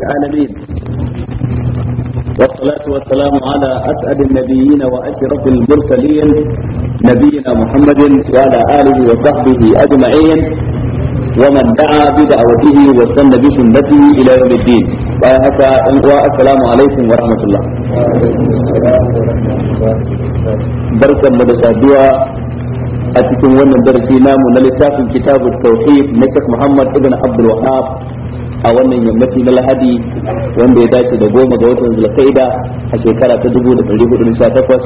العالمين والصلاة والسلام على أسعد النبيين وأشرف المرسلين نبينا محمد وعلى آله وصحبه أجمعين ومن دعا بدعوته واستنى بسنته إلى يوم الدين السلام عليكم ورحمة الله بركة مدسادوة a cikin wannan darasi namu na littafin kitabut tauhid na Sheikh Muhammad ibn a wannan yammaci na lahadi wanda ya dace da goma ga watan zulkaida a shekara ta dubu da ɗari hudu sha takwas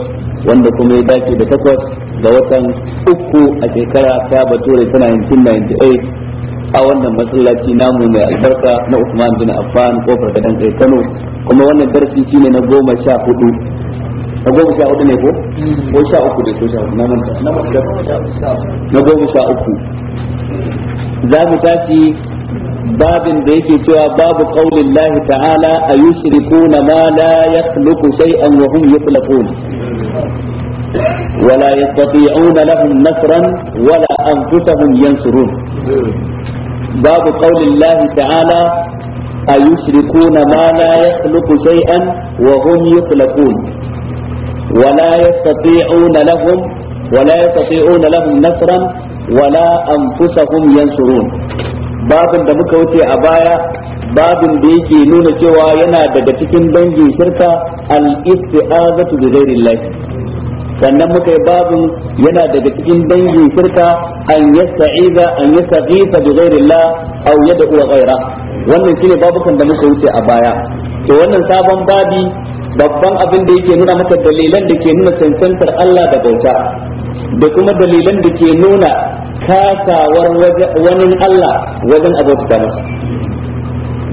wanda kuma ya dace da takwas ga watan uku a shekara ta bature ta 1998 a wannan masallaci namu mai albarka na usman bin affan kofar gadan kai kano kuma wannan darasi shine na goma sha hudu na goma sha hudu ne ko ko sha uku da ko sha hudu na manta na goma sha uku za mu tashi babin da yake cewa babu ƙaunin lahi ta'ala a yi shiriku na ma an wahun ya tsulaku wala ya tsafi auna lahun nasiran wala an fusa hun yansuru babu ƙaunin lahi ta'ala a yi shiriku na ma an wahun ya tsulaku wala ya tsafi auna lahun wala wala an fusa hun yansuru babin da muka wuce a baya babin da yake nuna cewa yana daga cikin dangin shirka al-isti'azatu bi Allah sannan muka yi babin yana daga cikin dangin shirka an yasta'iza an yastaghitha bi Allah aw yad'u ghaira wannan shine babukan da muka wuce a baya to wannan sabon babi babban abin da yake nuna maka dalilan da ke nuna cancantar Allah da bauta da kuma dalilan da ke nuna kasawar wani Allah wajen abota masa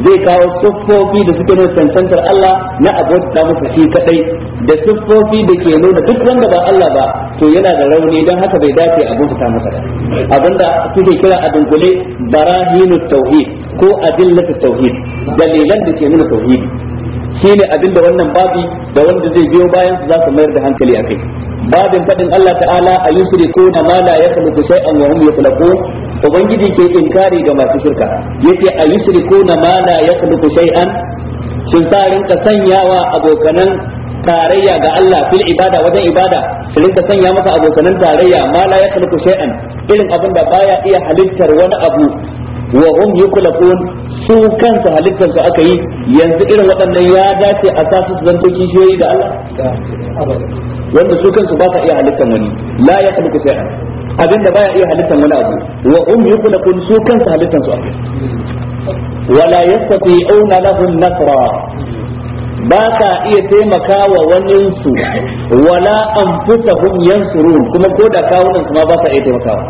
zai kawo siffofi da suke nuna cancantar Allah na abota masa shi kadai da siffofi da ke nuna duk wanda ba Allah ba to yana da rauni don haka bai dace a bauta masa abinda suke kira a dunkule barahinu tauhid ko adillatu tauhid dalilan da ke nuna tauhidi shine abinda wannan babi da wanda zai biyo bayan su za su mayar da hankali akai babin faɗin Allah ta'ala a yusrikuna ma la yakhluqu shay'an wa hum yakhluqun ubangiji ke inkari ga masu shirka yace a na ma la yakhluqu shay'an sun sa rinka sanyawa abokanan tarayya ga Allah fil ibada wajen ibada su rinka sanya masa abokanan tarayya ma la yakhluqu irin abinda baya iya halittar wani abu wa hum yuklafun su kansu halittar su aka yi yanzu irin waɗannan ya dace a sa su zanto kishiyoyi da Allah wanda su kansu ba ka iya halittar wani la ya khluqu shay'an abinda baya iya halittar wani abu wa hum yuklafun su kansu halittar su aka wala auna lahum nasra ba ka iya taimaka wa su wala anfusahum yansurun kuma ko da kawunan su ma ba ka iya taimakawa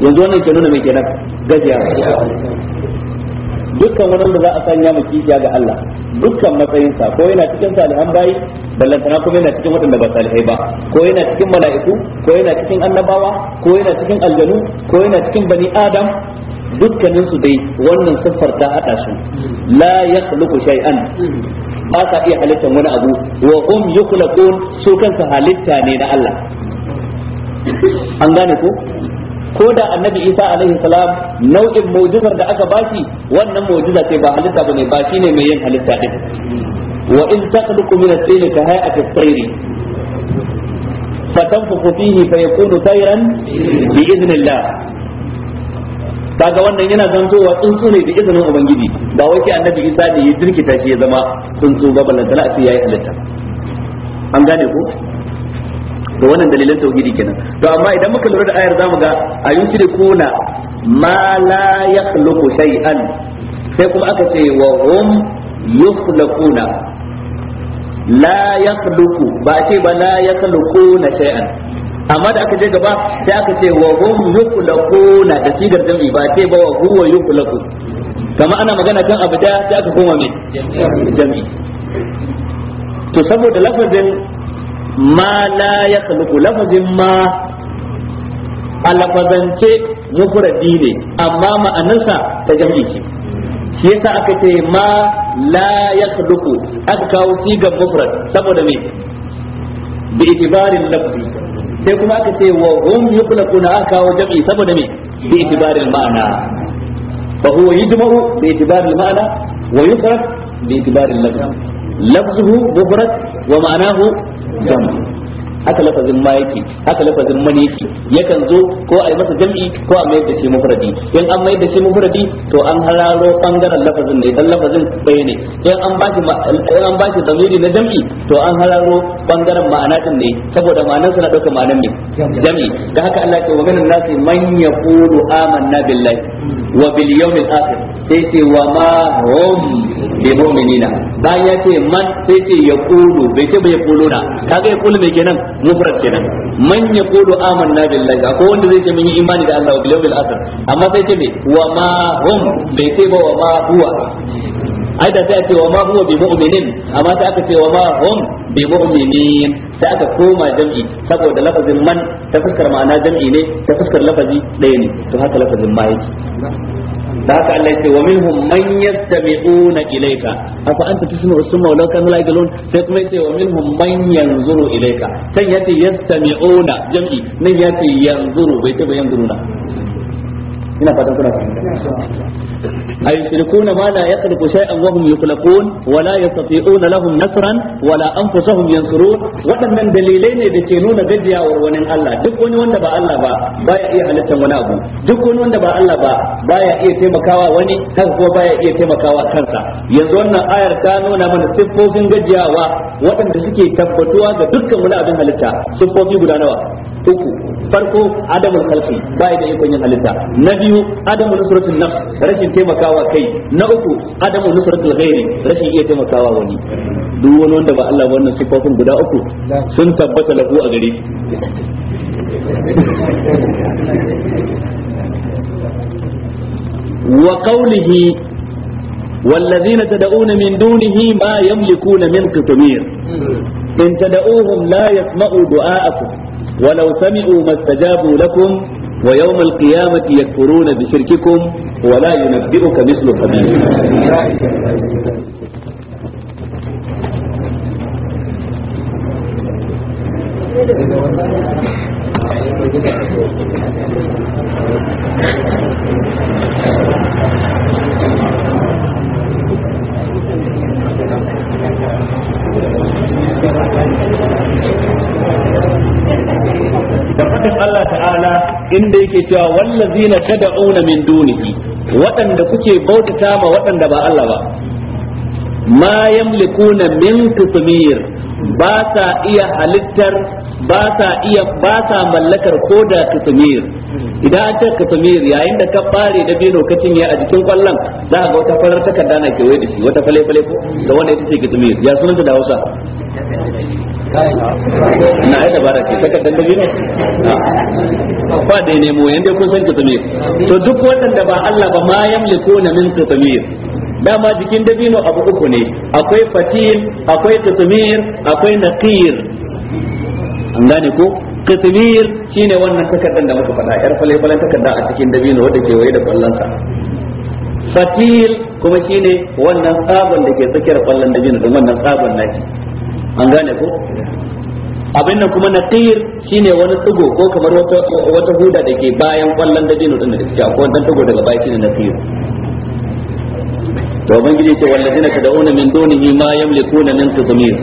yanzu wannan ke nuna mai kenan gajiya dukkan wani wanda za a sanya mu kishiya ga Allah dukkan matsayinsa ko yana cikin salihan bayi ballantana kuma yana cikin waɗanda ba salihai ba ko yana cikin mala'iku ko yana cikin annabawa ko yana cikin aljanu ko yana cikin bani adam dukkanin su dai wannan siffar ta hada su la yakhluqu shay'an ba sa iya halittar wani abu wa um yukhlaqun su halitta ne na Allah an gane ko ko da annabi isa alaihi salam nau'in mu'jizar da aka baki wannan mu'jiza ce ba halitta bane ba shine mai yin halitta din wa in taqduku min at tayri ka hay'ati at-tayr fatanfukhu fihi fayakunu tayran bi idhnillah kaga wannan yana zantowa tsuntsu ne da izinin ubangiji ba wai ke annabi isa ne ya jirkita shi ya zama tsuntsu ba balantana a ce yayi halitta an gane ko ga wannan dalilan tauhidi kenan to amma idan muka lura da ayar zamu ga kuna ma la yakhluqu shay'an sai kuma aka ce wa hum yukhluquna la yakhluqu ba ce ba la yakhluquna shay'an amma da aka je gaba sai aka ce wa hum yukhluquna da sigar jam'i ba ce ba wa huwa yukhluqu kama ana magana kan abu da sai aka koma mai jam'i to saboda lafazin ma la ya khluqu lafazin ma a lafazance mufradi ne amma ma'anarsa ta jam'i ce shi yasa aka ce ma la ya aka kawo sigar mufrad saboda me bi itibarin lafzi sai kuma aka ce wa hum yukhlaquna aka kawo jam'i saboda me bi itibarin ma'ana fa huwa yujma'u bi itibarin ma'ana wa yusraf bi itibarin lafzi lafzuhu mufrad wa ma'anahu jam haka lafazin ma yake haka lafazin man yake yakan zo ko a yi masa jam'i ko a mayar da shi mufradi in an mayar da shi mufradi to an hararo bangaren lafazin ne dan lafazin ɗaya ne in an bashi in an shi zamiri na jam'i to an hararo bangaren ma'ana din ne saboda ma'anar sa na dauka ma'anar ne jam'i da haka Allah ce wa minan nasi man yaqulu amanna billahi wa bil yawmil akhir sai ce wa ma hum bi mu'minina bayan ya ce man sai ce yaqulu bai ce bai na kaga yaqulu mai kenan mufrad kenan man yaqulu amanna billahi ko wanda zai ce mun yi imani da Allah wa bil yawmil akhir amma sai ce me wa ma hum bai ce ba wa ma huwa ai da sai a ce wa ma huwa bi mu'minin amma sai aka ce wa ma hum bi mu'minin sai aka koma jam'i saboda lafazin man ta fuskar ma'ana jam'i ne ta fuskar lafazi ɗaya ne to haka lafazin ma yake da haka Allah ya ce wa minhum man yastami'una ilayka afa anta tusmi'u summa law kana la sai kuma yace wa minhum man yanzuru ilayka kan yace yastami'una jami'i nan yace yanzuru bai taba ba na. ina fatan kuna fahimta ay yushrikuna ma la yakhluqu shay'an wa hum yukhlaqun wa la yastati'una lahum nasran wa la anfusuhum yansurun waɗannan dalilai ne da ke nuna wa wani Allah duk wani wanda ba Allah ba baya iya halittar wani abu duk wani wanda ba Allah ba baya iya taimakawa wani haka kuma baya iya taimakawa kansa yanzu wannan ayar ta nuna mana siffofin gajiyawa waɗanda suke tabbatuwa ga dukkan wani abin halitta siffofi guda nawa uku farko adamul khalqi bai da ikon yin halitta na biyu adamu nusratul nafs rashin taimakawa kai na uku adamu nusratul ghairi rashin iya taimakawa wani duk wani wanda ba Allah wannan sifofin guda uku sun tabbata lahu a gare shi وقوله والذين تدعون من دونه ما يملكون من قطمير إن تدعوهم لا يسمعوا دعاءكم ولو سمعوا ما استجابوا لكم ويوم القيامة يكفرون بشرككم ولا ينبئك مثل خبير fadin Allah ta'ala inda yake cewa wallazina tad'una min dunihi waɗanda kuke bautata ma waɗanda ba Allah ba ma yamlikuna min tusmir ba sa iya halittar ba sa iya ba sa mallakar da katamir idan an ce katamir yayin da ka bare da bino ka cinye a jikin kwallon za ka ga wata farar kaddana ke waye da shi wata fale fale ko da wanda yake ce katamir ya sunanta da Hausa na ai dabara ce takardar da bino ba ne mu yanda kun san katamir to duk da ba Allah ba ma yamliku na min katamir dama jikin dabino abu uku ne akwai fatil akwai katamir akwai naqir an gane ko kasimir shine wannan takardar da muka faɗa yar falefalen takarda a cikin dabino wanda ke waye da kwallonsa fatil kuma shine wannan tsabon da ke tsakiyar kwallon dabino don wannan tsabon naci an gane ko abin nan kuma naqir shine wani tsugo ko kamar wata huda da ke bayan kwallon dabino din da take akwai wannan tugo daga baya shine naqir to ubangiji ce wallazina tad'una min dunihi ma yamlikuna min qitmir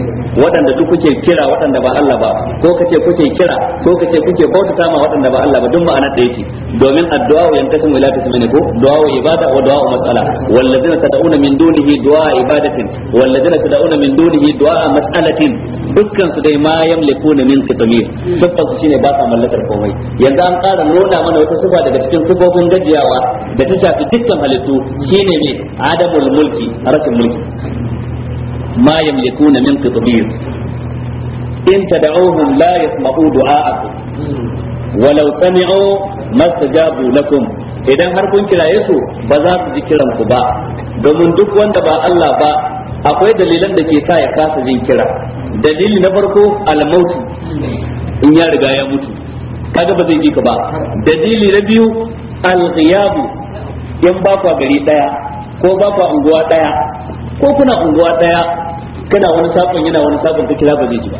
waɗanda duk kuke kira waɗanda ba Allah ba ko kace kuke kira ko kace kuke bautata ma waɗanda ba Allah ba duk ma'ana ɗaya ce domin addu'a yan kasan ila ta tsamini ko du'a ibada wa du'a mas'ala wallazina tad'una min dunihi du'a ibadatin wallazina tad'una min dunihi du'a mas'alatin dukkan su dai ma yamlikuna min qitmir dukkan su shine ba sa mallakar komai yanzu an ƙara nuna mana wata sifa daga cikin sifofin gajiyawa da ta shafi dukkan halittu shine ne adamul mulki rashin mulki ma yamlikuna min qitmir in tad'uhum la yasma'u du'a'akum walau sami'u mastajabu lakum idan har kun kiraye su ba za su ji kiran ku ba domin duk wanda ba Allah ba akwai dalilan da ke sa ya kasa jin kira dalili na farko almautu in ya riga ya mutu kaga ba zai ji ka ba dalili na biyu alghiyabu in ba kwa gari daya ko ba ku unguwa daya ko kuna unguwa daya kana wani sakon yana wani sakon ka kira ba zai ji ba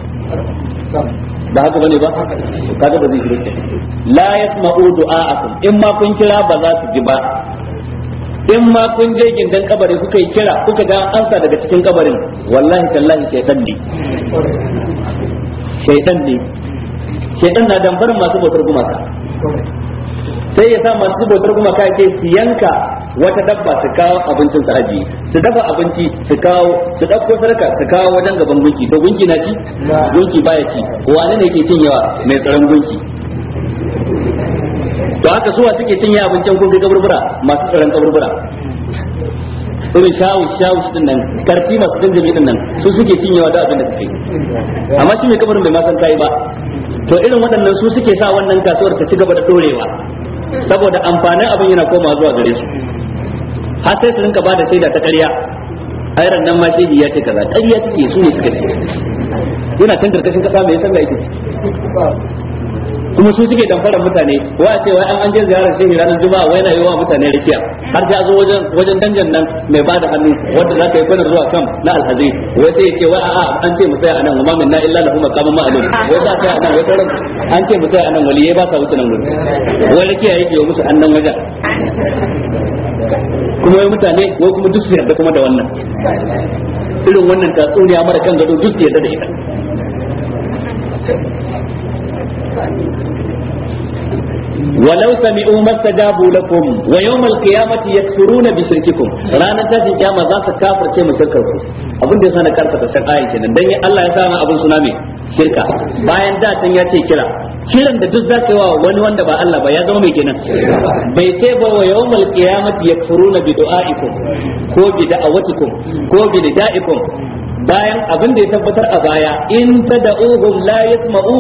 ba haka bane ba kaga ba zai ji ba la yasma'u du'a'akum in ma kun kira ba za su ji ba in ma kun je gindan kabari kuka yi kira kuka ga amsa daga cikin kabarin wallahi tallahi shaytan ne shaytan ne shaytan na dambarin masu bautar gumaka sai ya sa masu bautar kuma ka ce su yanka wata dabba su kawo abincin su aji su dafa abinci su kawo su dauko sarka su kawo wajen gaban gunki to gunki na ci gunki baya ci wani ne ke cin yawa mai tsaron gunki to haka suwa suke cin yawa abincin kun ga kaburbura masu tsaron kaburbura irin shawu shawu din nan karfi masu dangane dinnan nan su suke cin yawa da abin da suke amma shi mai kabarin bai ma san kai ba to irin waɗannan su suke sa wannan kasuwar ta ci gaba da dorewa saboda amfanin abin yana koma zuwa gare su har sai su rinka bada shaida ta ƙarya ayran nan ma shaidi ya ce kaza ƙarya take su ne suka ce yana can karkashin kasa mai san me yake kuma su suke damfarar mutane wa a ce wai an je ziyarar shehi ranar juma'a wai na yi wa mutane rikiya har ta zo wajen wajen danjan nan mai ba da hannu wanda za ka yi kwanar zuwa kam na alhazi wai sai ce wai a'a an ce mu tsaya anan wa mamin na illa lahum maqamun ma'lum wai za a nan wai sauran an ce mu tsaya wali waliyai ba sa wuce nan wani, wai rikiya yake yi musu annan wajen kuma wai mutane wai kuma duk su yarda kuma da wannan irin wannan tatsuniya mara kan gado duk su yarda da ita ولو سمعوا ما استجابوا لكم ويوم القيامة يكفرون بشرككم رانا تاسي قيامة ذات كافر كما شرككم abin da sana karkata shirka yin kenan dan Allah ya sama abin suna mai shirka bayan da can ya ce kira kiran da duk za ka yi wa wani wanda ba Allah ba ya zama mai kenan bai sai ba wa yawmal qiyamati yakfuruna bi du'aikum ko bi da'awatikum ko bi nidaikum bayan abin da ya tabbatar a baya in tad'uhum la yasma'u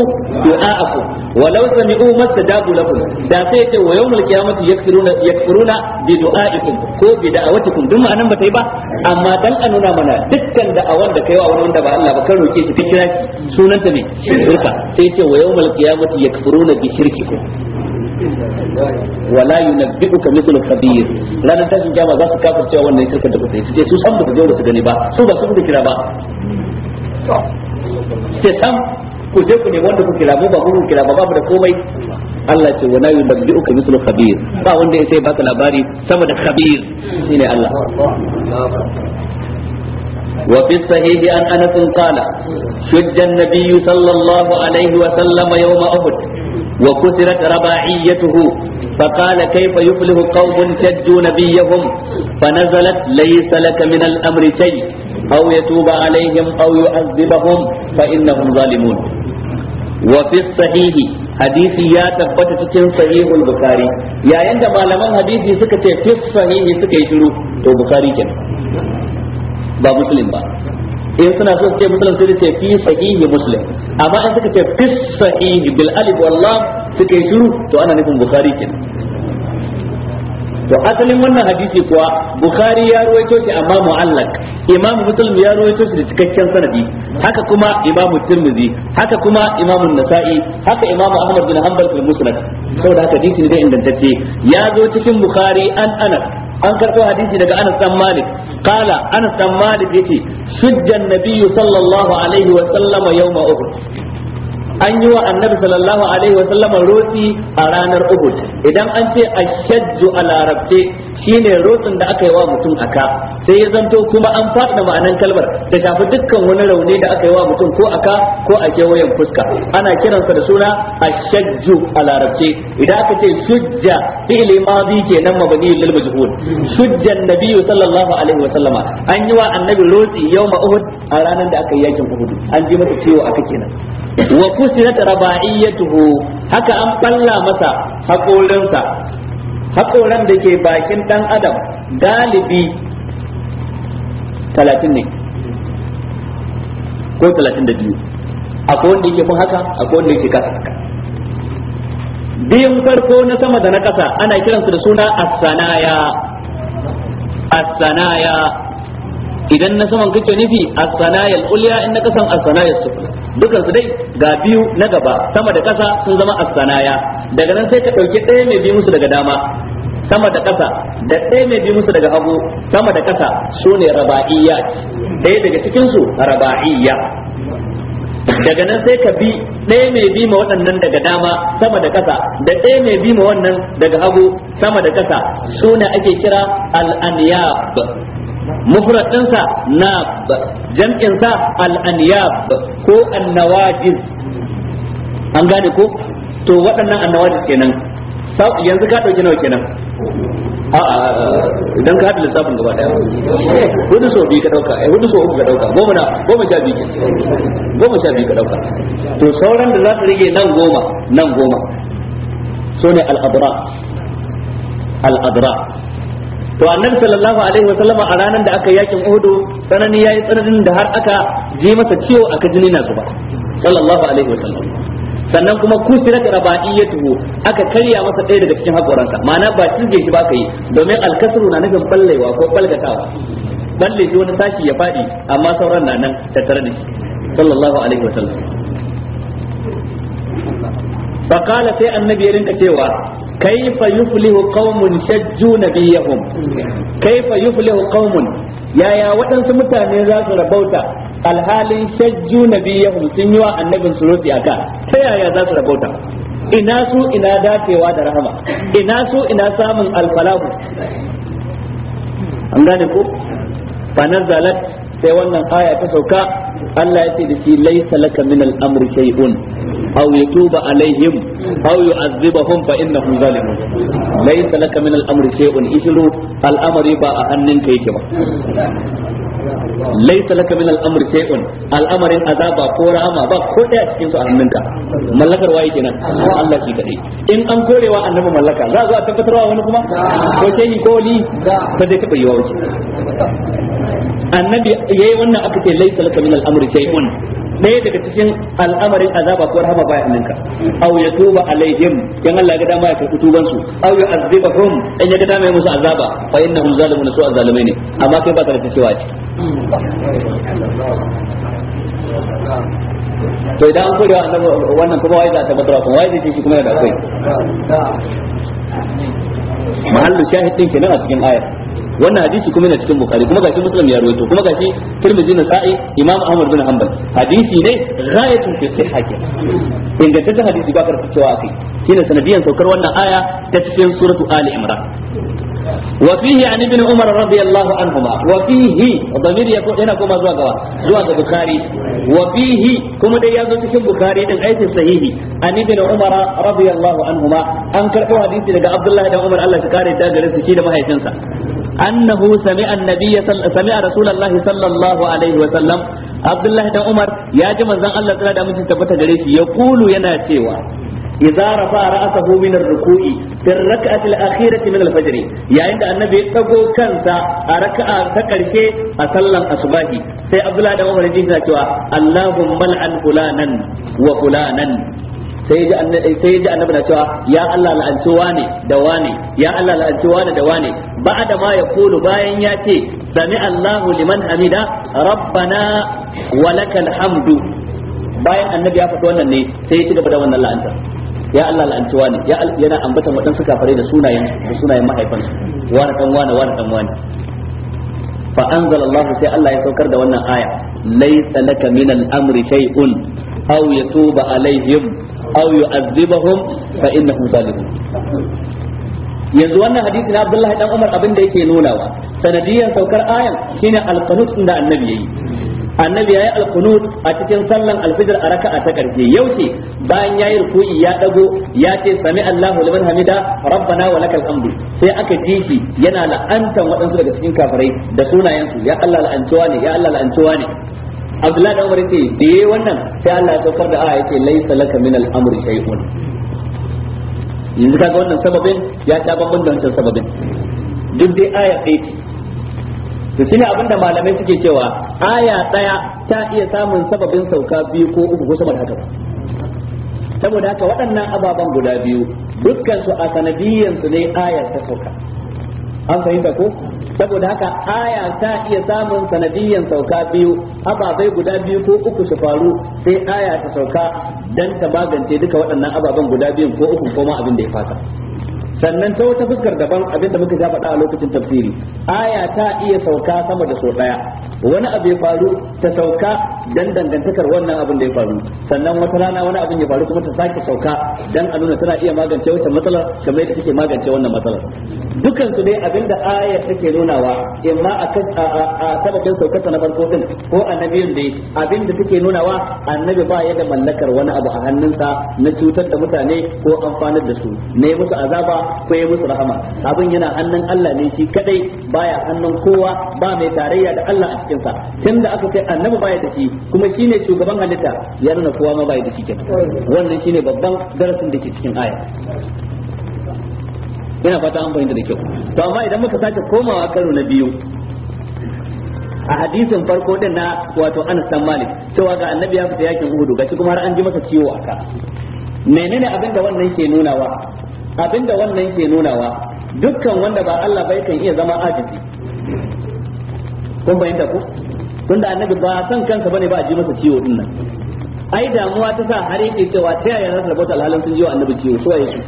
du'a'akum walau sami'u mastajabu lakum da sai ce wa yawmul qiyamati yakfuruna yakfuruna bi du'a'ikum ko bi da'awatikum duk ma'anan ba ta yi ba amma dan a nuna mana dukkan da'awan da kaiwa wani wanda ba Allah ba kan roke shi ka kira sunanta ne shirka sai ce wa yawmul qiyamati yakfuruna bi shirkikum wala yunabbi'uka mithlu khabir ranar tashin kiyama za su kafar cewa wannan shirkar da kusa yi suke su san ba su je ba su gani ba su ba su da kira ba sai san ku je ku ne wanda ku kira mu ba ku kira ba babu da komai Allah ce wala yunabbi'uka mithlu khabir ba wanda ya sai baka labari sama da khabir shine Allah وفي الصحيح عن انس قال شج النبي صلى الله عليه وسلم يوم احد وكسرت رباعيته فقال كيف يفلح قوم شجوا نبيهم فنزلت ليس لك من الامر شيء او يتوب عليهم او يعذبهم فانهم ظالمون وفي الصحيح hadisi ya tabbata cikin sahihul bukhari yayin da malaman hadisi suka ce fi sahihi suka yi shiru to bukhari kenan ba musulun ba in suna so ce musulun sai ce fi sahihi musulun. amma in suka ce fi sahihi bil alif wal lam suka yi shiru to ana nufin bukhari kenan to asalin wannan hadisi kuwa bukhari ya ruwaito shi amma mu'allaq imamu muslim ya ruwaito shi da cikakken sanadi haka kuma imamu tirmidhi haka kuma imamu nasa'i haka imamu ahmad bin hanbal fil musnad saboda haka hadisi ne da ingantacce ya zo cikin bukhari an anas an karɓo hadisi daga Anas dan Malik qala Anas dan Malik yace sujjan nabiyyu sallallahu alaihi wa sallama yawma Uhud an yi wa annabi sallallahu alaihi wa sallama roti a ranar Uhud idan an ce ashajju a larabce shine rotsin da aka yi wa mutum aka sai ya zanto kuma an faɗa ma'anan kalmar da shafi dukkan wani rauni da aka yi wa mutum ko aka ko a kewayen fuska ana kiransa da suna ashajju a larabce idan aka ce shujja fi'li madi kenan mabani lil majhul shujja annabi sallallahu alaihi wa sallama an yi wa annabi rotsi yawma uhud a ranar da aka yi yakin uhud an ji masa ciwo aka kenan wa kusirat raba'iyatuhu haka an balla masa haƙorinsa haƙoran da ke bakin ɗan adam galibi talatin ne ko talatin da biyu akwai wanda yake kun haka akwai wanda yake kasa haka biyun farko na sama da na ƙasa ana kiransu da suna asanaya asanaya idan na saman kake nufi as-sanayal ulya in na kasan as-sanayal sufla dukan su dai ga biyu na gaba sama da kasa sun zama as-sanaya daga nan sai ka dauki ɗaya mai bi musu daga dama sama da kasa da ɗaya mai bi musu daga hagu sama da kasa ne raba'iyya ɗaya daga cikin su raba'iyya daga nan sai ka bi ɗaya mai bi ma waɗannan daga dama sama da ƙasa da ɗaya mai bi ma wannan daga hagu sama da ƙasa ne ake kira al aniyab mufrad ɗinsa nab jam'insa al-anyab ko an an gane ko to waɗannan annawajiz kenan yanzu ka ɗauki nawa kenan idan ka haɗa lissafin gaba ɗaya hudu so biyu ka ɗauka eh hudu so uku ka ɗauka goma na goma sha biyu goma sha biyu ka ɗauka to sauran da za ta rage nan goma nan goma so ne al'adra al'adra to annabi sallallahu alaihi wasallama a ranar da aka yakin uhudu sanani yayi tsananin da har aka ji masa ciwo aka jini na zuba sallallahu alaihi wasallam sannan kuma kusirat raba'iyatuhu aka karya masa ɗaya daga cikin hakoransa ma'ana ba cinje shi ba kai domin alkasru na nufin ballewa ko balgatawa balle shi wani sashi ya fadi amma sauran na nan tattare da shi sallallahu alaihi wasallam fa qala sai annabi ya rinka cewa كيف يفلح قوم شجوا نبيهم كيف يفلح قوم يا يا وطن سمتاني ذات ربوتا alhalin shajju nabiyahum sun yi wa annabin surufi aka ta yaya za su rabauta ina su ina dacewa da rahama ina su ina samun alfalahu an gane ko fa nazalat sai wannan aya ta sauka Allah ya ce da shi laisa laka min al-amri shay'un aw yatuba alaihim aw yu'azzibahum fa innahum zalimun laisa laka min al-amri shay'un ishiru al-amri ba a hannunka yake ba laysa laka min al-amr shay'un al'amarin azaba ko rahama ba ko daya cikin su a hannunka mallakar waye kenan Allah shi kadai in an korewa annabi mallaka za a zo a tabbatarwa wani kuma ko kai ko li ba zai taba yiwa wuce annabi yayi wannan aka ce laysa laka min al-amr shay'un ɗaya daga cikin al'amarin azaba ko rahama baya aminka aw yatuba alaihim in Allah ya ga dama ya karɓi tuban su aw yu'azzibahum in ya ga dama ya musu azaba fa innahum zalimuna su zalimai ne amma kai ba ka da cewa ce to idan an korewa wannan kuma wai za ta tabbatar kuma wai zai ce shi kuma yana da akwai mahallu shahid din kenan a cikin ayar wannan hadisi kuma yana cikin bukari kuma gashi muslim ya ruwaito kuma gashi tirmidhi na sa'i imam ahmad bin hanbal hadisi ne ghayatun fi sihha ke ingantaccen hadisi ba ka cewa akai shine sanadiyan saukar wannan aya ta cikin suratu ali imran وفيه عن ابن عمر رضي الله عنهما وفيه ضمير يكون هنا كما زوا غوا زوا البخاري وفيه كما دي يازو cikin bukhari din ayi sahihi an ibn umar radiyallahu anhuma an karbo hadisi daga abdullahi dan umar Allah ya kare da gare shi da mahaifinsa أنه سمع النبي صل... سمع رسول الله صلى الله عليه وسلم عبد الله بن عمر يا جماعة الله تعالى دامن تبت يقول ينا cewa idza rafa ra'sahu min ar-ruku'i fi ar-rak'ati al-akhirati min al-fajr yayin da annabi ya dago kansa a raka'a ta karshe a sallan asubahi sai abdullah da umar ji yana cewa allahumma al'an fulanan wa fulanan sai ji annabi sai ji annabi na cewa ya Allah la'anci wane da wane ya Allah la'anci da wane ba'da ma ya bayan ya ce sami Allahu liman hamida rabbana wa hamdu bayan annabi ya faɗi wannan ne sai ya ci gaba da wannan la'anta ya Allah la'anci wani yana ambatan waɗansu kafare da sunayen da sunayen mahaifansu wani dan wani wani wani fa anzalallahu sai Allah ya saukar da wannan aya laysa laka min al-amri shay'un aw yatuba alaihim aw yu'adhibahum fa innahum zalimun yanzu wannan hadisi na Abdullahi dan Umar abin da yake nunawa sanadiyar saukar ayan shine alqanut da annabi yayi annabi yayi alqunut a cikin sallan alfijir a raka'a ta karshe yaushe bayan yayi ruku'i ya dago ya ce sami Allahu liman hamida rabbana wa lakal hamdu sai aka ji shi yana la'antan waɗansu daga cikin kafirai da sunayensu ya Allah la'antuwa ne ya Allah la'antuwa ne Abdullahi da Umar yace da yayi wannan sai Allah ya saukar da aya yace laysa laka min al shay'un yanzu kaga wannan sababin ya ta babban da wancan sababin duk dai aya ɗaya ce to shine abinda malamai suke cewa aya ɗaya ta iya samun sababin sauka biyu ko uku ko sama da haka saboda haka waɗannan ababen guda biyu dukkan su a sanadiyyan su ne ayar ta sauka an fahimta ko saboda haka aya ta iya samun sanadiyyan sauka biyu ababai guda biyu ko uku su faru sai aya ta sauka dan ta magance duka waɗannan ababen guda biyun ko uku ko abin da ya fata sannan ta wata fuskar daban abin da muka ja faɗa a lokacin tafsiri aya ta iya sauka sama da so ɗaya wani abu ya faru ta sauka dan dangantakar wannan abin da ya faru sannan wata rana wani abin ya faru kuma ta sake sauka dan a nuna tana iya magance wata matsalar kamar yadda take magance wannan matsalar dukan su dai abin da aya take nunawa imma a sababin saukar ta na farko din ko annabiyin dai abin da take nunawa annabi ba ya da mallakar wani abu a hannunsa na cutar da mutane ko amfanar da su ne musu azaba ko ya musu rahama abin yana hannun Allah ne shi kadai baya hannun kowa ba mai tarayya da Allah a cikin sa tunda aka kai annabi baya da shi kuma shine shugaban halitta ya nuna kowa ma baya da shi kenan wannan shine babban darasin da ke cikin aya ina fata an fahimta da kyau to amma idan muka sace komawa karo na biyu a hadisin farko din na wato Anas dan Malik cewa ga annabi ya fita yakin Uhud gashi kuma har an ji masa ciwo aka menene abin da wannan ke nunawa abinda wannan ke nunawa dukkan wanda ba Allah bai kan iya zama ajizi kun bayyanta ku tunda annabi ba san kansa bane ba a ji masa ciwo din nan ai damuwa ta sa har yake cewa ta yaya za su rabota alhalin sun ji wa annabi ciwo so yake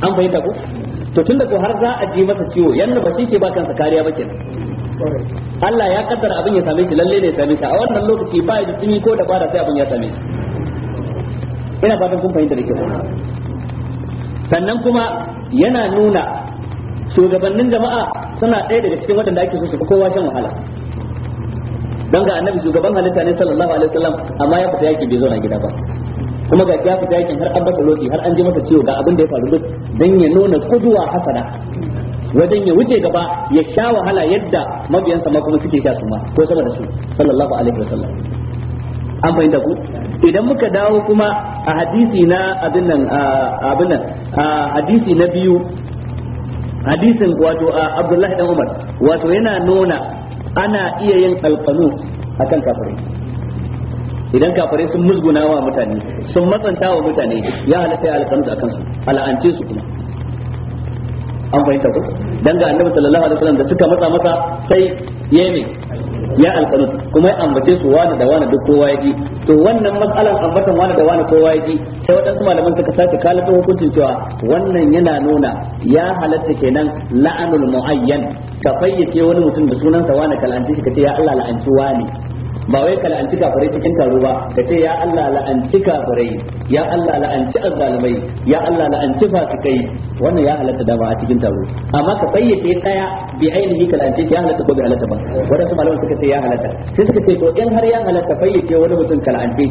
an bayyanta ku to tunda ko har za a ji masa ciwo yanda ba shi ke ba kansa kariya ba kenan Allah ya kaddara abin ya same shi lalle ne ya same shi a wannan lokaci ba ya da tsimi ko da bara sai abin ya same shi ina fatan kun fahimta da kyau sannan kuma yana nuna shugabannin jama'a suna ɗaya daga cikin da ake so su kowa shan wahala don ga annabi shugaban halitta ne sallallahu alaihi wasallam amma ya fita yakin bai zo na gida ba kuma ga ya fita yakin har an baka lokaci har an ji masa ciwo ga abin da ya faru duk dan ya nuna kuduwa hasana wajen ya wuce gaba ya sha wahala yadda mabiyansa ma kuma suke sha su ma ko sama da su sallallahu alaihi wasallam an fahimta ku idan muka dawo kuma a hadisi na abin nan abin nan hadisi na biyu hadisin wato Abdullahi dan Umar wato yana nuna ana iya yin alfanu akan kafirai idan kafirai sun musguna wa mutane sun matsanta wa mutane ya halatta alfanu akan su al'ance su kuma an fahimta ko dan ga annabi sallallahu alaihi wasallam da suka matsa masa sai ya ya alqanut kuma ya ambace su wani da wani duk kowa yaji to wannan matsalan ambatan wani da wani kowa yaji sai wadansu malaman suka sake kalatu hukuncin cewa wannan yana nuna ya halatta kenan la'anul muayyan ka fayyace wani mutum da sunansa wani kalanti shi kace ya Allah la'anci wani ba wai ka la'anci kafirai cikin taro ba ka ce ya Allah la'anci kafirai ya Allah la'anci azzalimai ya Allah la'anci fasikai wannan ya halatta dama a cikin taro amma ka fayyace daya bi ainihi ka la'anci ya halatta ko bai halatta ba wanda su malaman suka ce ya halatta sai suka ce to in har ya halatta fayyace wani mutum ka la'anci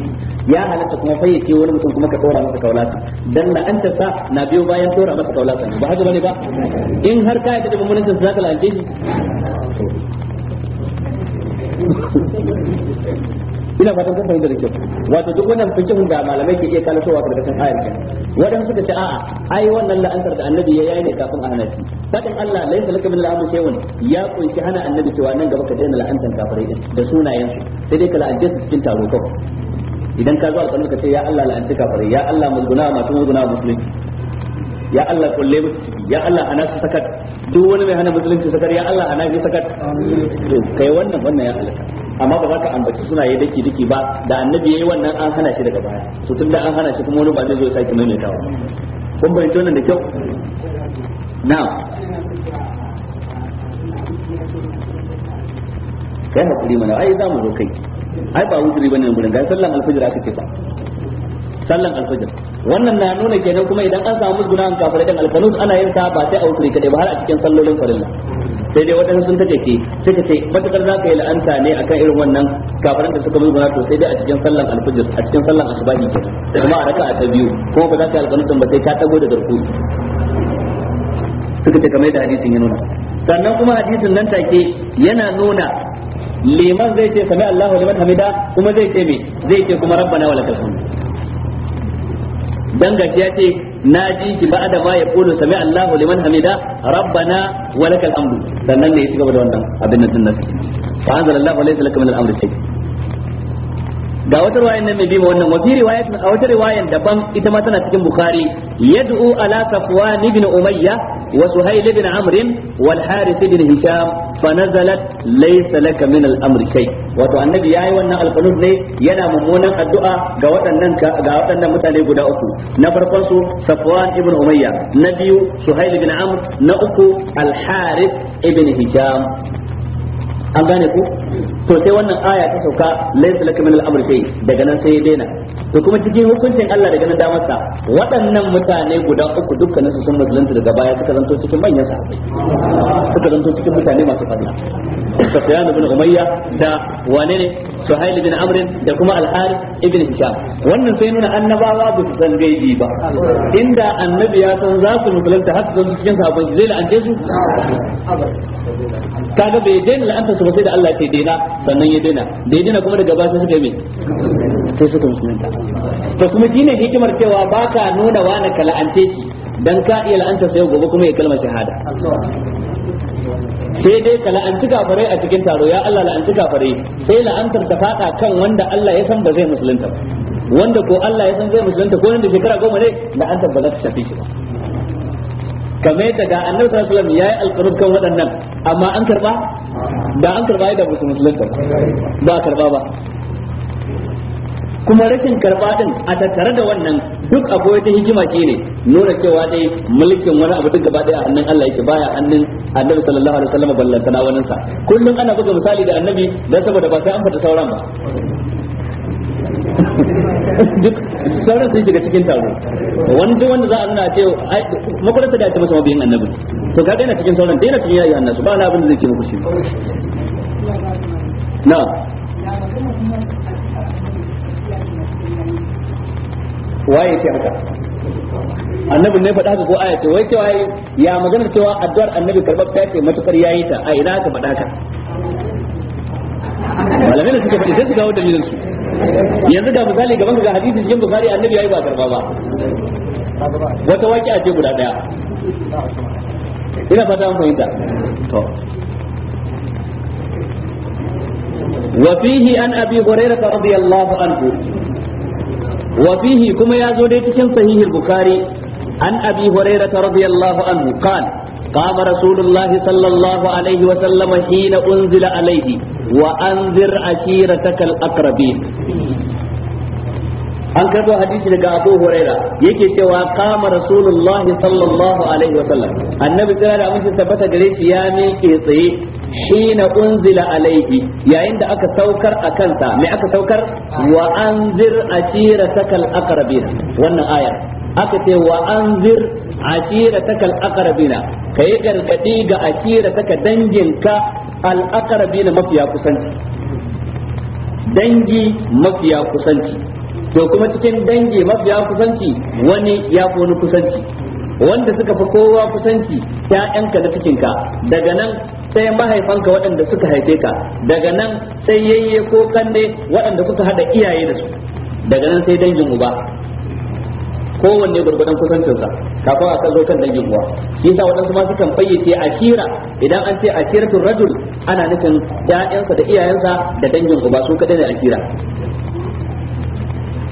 ya halatta kuma fayyace wani mutum kuma ka dora masa kaulata dan la'anta sa na biyo bayan dora masa kaulata ba haka bane ba in har ka yi da mummunan sa zaka la'anci ina fatan kun fahimta da kyau wato duk wannan fikin da malamai ke iya kalatowa karkashin ayar kan wadanda suka ce a'a ai wannan la'antar da annabi ya yi ne kafin a hana shi fadin Allah laysa laka min shay'un ya kunshi hana annabi cewa nan gaba ka daina la'antar kafirai din da sunayen su sai dai ka la'anje su cikin taro idan ka zo alƙalmi ka ce ya Allah la'anci kafirai ya Allah mulguna masu mulguna musulunci ya Allah kulle mu ciki ya Allah ana su sakat duk wani mai hana musulunci sakat ya Allah ana shi sakat to kai wannan wannan ya halaka amma ba za ka ambaci suna yi daki daki ba da annabi yayi wannan an hana shi daga baya to tunda an hana shi kuma wani ba zai zo ya mai maimaitawa kun bai tona da kyau na'am kai hakuri mana ai za mu zo kai ai ba wuri bane mun da sallan alfajir aka ce ba sallan alfajir wannan na nuna kenan kuma idan an samu musguna an kafirai dan alfanus ana yin ta ba sai a wuri kade ba har a cikin sallolin farilla sai dai wadannan sun take ke suka ce matakar za yi la'anta ne akan irin wannan kafaran da suka musguna to sai dai a cikin sallan alfajir a cikin sallan asubahi ke kuma a raka'a ta biyu kuma ba za ka yi alkanus ba sai ka tago da garku suka ce kamar da hadisin ya nuna sannan kuma hadisin nan take yana nuna liman zai ce sami Allahu liman hamida kuma zai ce me zai ce kuma rabbana walakal hamd dan gashi ya ce na ji ki ba da ma ya kulu sami Allahu liman hamida rabbana wa lakal hamdu sannan ne ya cigaba da wannan abin nan din nan fa anzalallahu min al-amri ga wata riwayar nan mai bi wannan wa fi riwayatin a wata riwayar daban ita ma tana cikin bukhari yad'u ala safwan ibn umayya wa suhayl ibn amr wal harith ibn hisham fa nazalat laysa laka min al amri shay wato annabi yayi wannan alqanun ne yana mummunan addu'a ga waɗannan ga waɗannan mutane guda uku na farkon su safwan ibn umayya na biyu suhayl ibn amr na uku al harith ibn hisham an gane ku to sai wannan aya ta sauka laysa lakum min al-amri shay daga nan sai ya daina to kuma cikin hukuncin Allah daga nan da masa waɗannan mutane guda uku dukkanin su sun musulunta daga baya suka zanto cikin manyan sahabbai suka zanto cikin mutane masu fadila Sufyan ibn Umayya da wane ne Suhail ibn Amr da kuma Al-Harith ibn Hisham wannan sai nuna annabawa ba su san gaibi ba inda annabi ya san za su musulunta har su cikin sahabbai zai la'ance su kaga bai daina la'anta su ba sai da Allah ya daina sannan ya daina da ya daina kuma daga baya sai suka yi sai suka musulunta to kuma shine hikimar cewa baka nuna wani ka la'ance shi dan ka iya la'anta sai gobe kuma ya kalmar shahada sai dai ka la'anci gafarai a cikin taro ya Allah la'anci gafarai sai la'antar ta fada kan wanda Allah ya san ba zai musulunta wanda ko Allah ya san zai musulunta ko nan da shekara goma ne la'antar ba za ta shafi shi ba kamar yadda ga annabi sallallahu alaihi wasallam yayi alqurub kan waɗannan amma an karba da an karba da musulunta ba karba ba kuma rashin karba din a tattare da wannan duk akwai wata hikima ce ne nuna cewa dai mulkin wani abu duk gaba daya a hannun Allah yake baya hannun Annabi sallallahu alaihi wasallam ballantana wannan sa kullun ana buga misali da Annabi dan saboda ba sai an fata sauran ba duk sauran sun shiga cikin taro wani duk wanda za a nuna ai makwarsa da ya ce masa mabiyin Annabi to ga daina cikin sauran daina cikin yayi Annabi ba na abin da zai ke muku shi waye ce haka annabin ne faɗa ka ko aya ce wai cewa ya magana cewa addu'ar annabi karɓar ta ce matukar yayi ta a ina ka faɗa ka malamai da suka faɗi sai su kawo dalilin su yanzu ga misali gaban ga hadisi cikin bukari annabi yayi ba karba ba wata waki a ce guda daya ina fata an fahimta to وفيه عن أبي هريره رضي الله عنه wafihi kuma ya zo dai cikin sahihul bukhari an abi hurairah radiyallahu anhu qala قام رسول الله صلى الله عليه وسلم حين أنزل عليه وأنذر عشيرتك الأقربين an karbo hadisi daga Abu Huraira yake cewa kama Rasulullah sallallahu alaihi wa sallam annabi sai da amince tabbata gare shi ya miƙe tsaye hina unzila alaihi yayin da aka saukar a kansa me aka saukar wa anzir takal aqrabina wannan aya aka ce wa anzir takal aqrabina kai gargadi ga ashirataka danginka al aqrabina mafiya kusanci dangi mafiya kusanci to kuma cikin dangi mafiya kusanci wani ya fi wani kusanci wanda suka fi kowa kusanci 'ya'yanka na cikinka daga nan sai mahaifanka waɗanda suka haife ka daga nan sai yayye ko kanne waɗanda suka haɗa iyaye da su daga nan sai dangin uba kowanne gurgudan kusancinsa kafin a kan zo kan dangin uwa shi yasa waɗansu ma sukan fayyace ashira idan an ce ashiratul rajul ana nufin 'ya'yansa da iyayensa da dangin uba su kaɗai ne ashira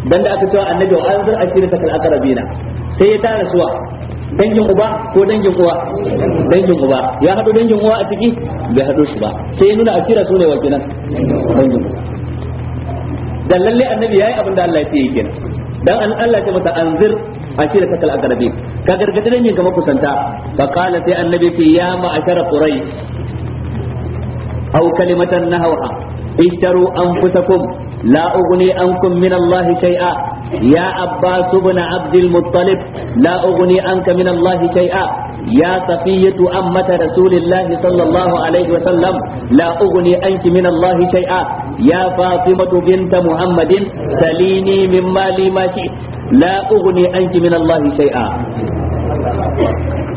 dan da aka cewa annabi wa anzur ashirata kal aqrabina sai ya tara suwa dangin uba ko dangin uwa dangin uba ya hado dangin uwa a ciki bai hado shi ba sai ya nuna ashira sune wa kenan dangin uba dan lalle annabi yayi abin da Allah ya ce kenan dan an Allah ya masa anzir ashirata kal aqrabin ka gargadi dangin ka makusanta fa qala sai annabi ce ya ma'ashara quraish aw kalimatan nahawha ishtaru anfusakum لا أغني عنكم من الله شيئا يا عباس بن عبد المطلب لا أغني عنك من الله شيئا يا صفية أمة رسول الله صلى الله عليه وسلم لا أغني عنك من الله شيئا يا فاطمة بنت محمد سليني مما لي ما شئت لا أغني عنك من الله شيئا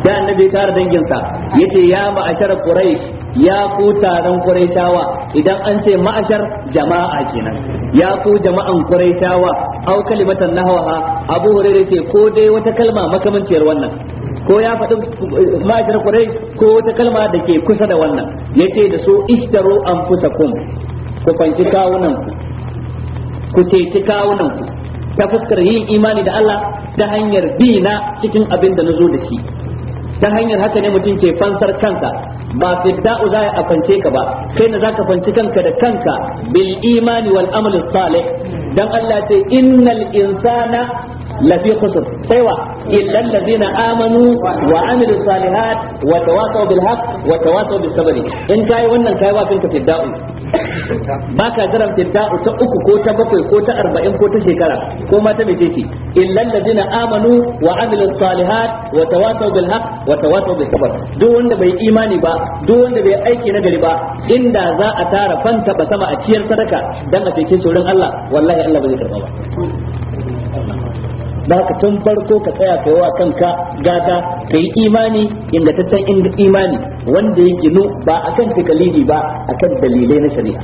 sai annabi ya tara danginsa yace ya ma'ashar quraish ya ku taron quraishawa idan an ce ma'ashar jama'a kenan ya ku jama'an quraishawa aw kalimatan nahwaha abu hurairah ce ko dai wata kalma makamanciyar wannan ko ya faɗi eh, ma'ashar quraish ko wata kalma da ke kusa da wannan yace da su ishtaru anfusakum ku fanci kawunan ku ku ceci kawunan ku ta fuskar yin imani da Allah ta hanyar bi na cikin abin da nazo da shi ta hanyar haka ne mutum ke fansar kanka ba fidda'u za a fance ka ba kai na zaka fanci kanka da kanka bil imani wal amal salih dan Allah ce innal insana lafi kusur sai wa illal amanu wa amilu salihat wa tawasaw bil wa tawasaw bis in kai wannan kai wa kanka fidda'u baka ta uku ko ta bakwai ko ta arba'in ko ta shekara ko ma ta mece ce illal amanu wa amilu salihat wa tawasaw bil wa tawasaw bis duk wanda bai imani ba duk wanda bai aiki na gari ba inda za a tara fanta ba sama a ciyar sadaka dan a cikin tsoron Allah wallahi Allah zai karba ba ba haka tun farko ka tsaya ka wa kanka gata ka yi imani ingantaccen imani wanda ya ginu ba a kan takalidi ba a kan dalilai na shari'a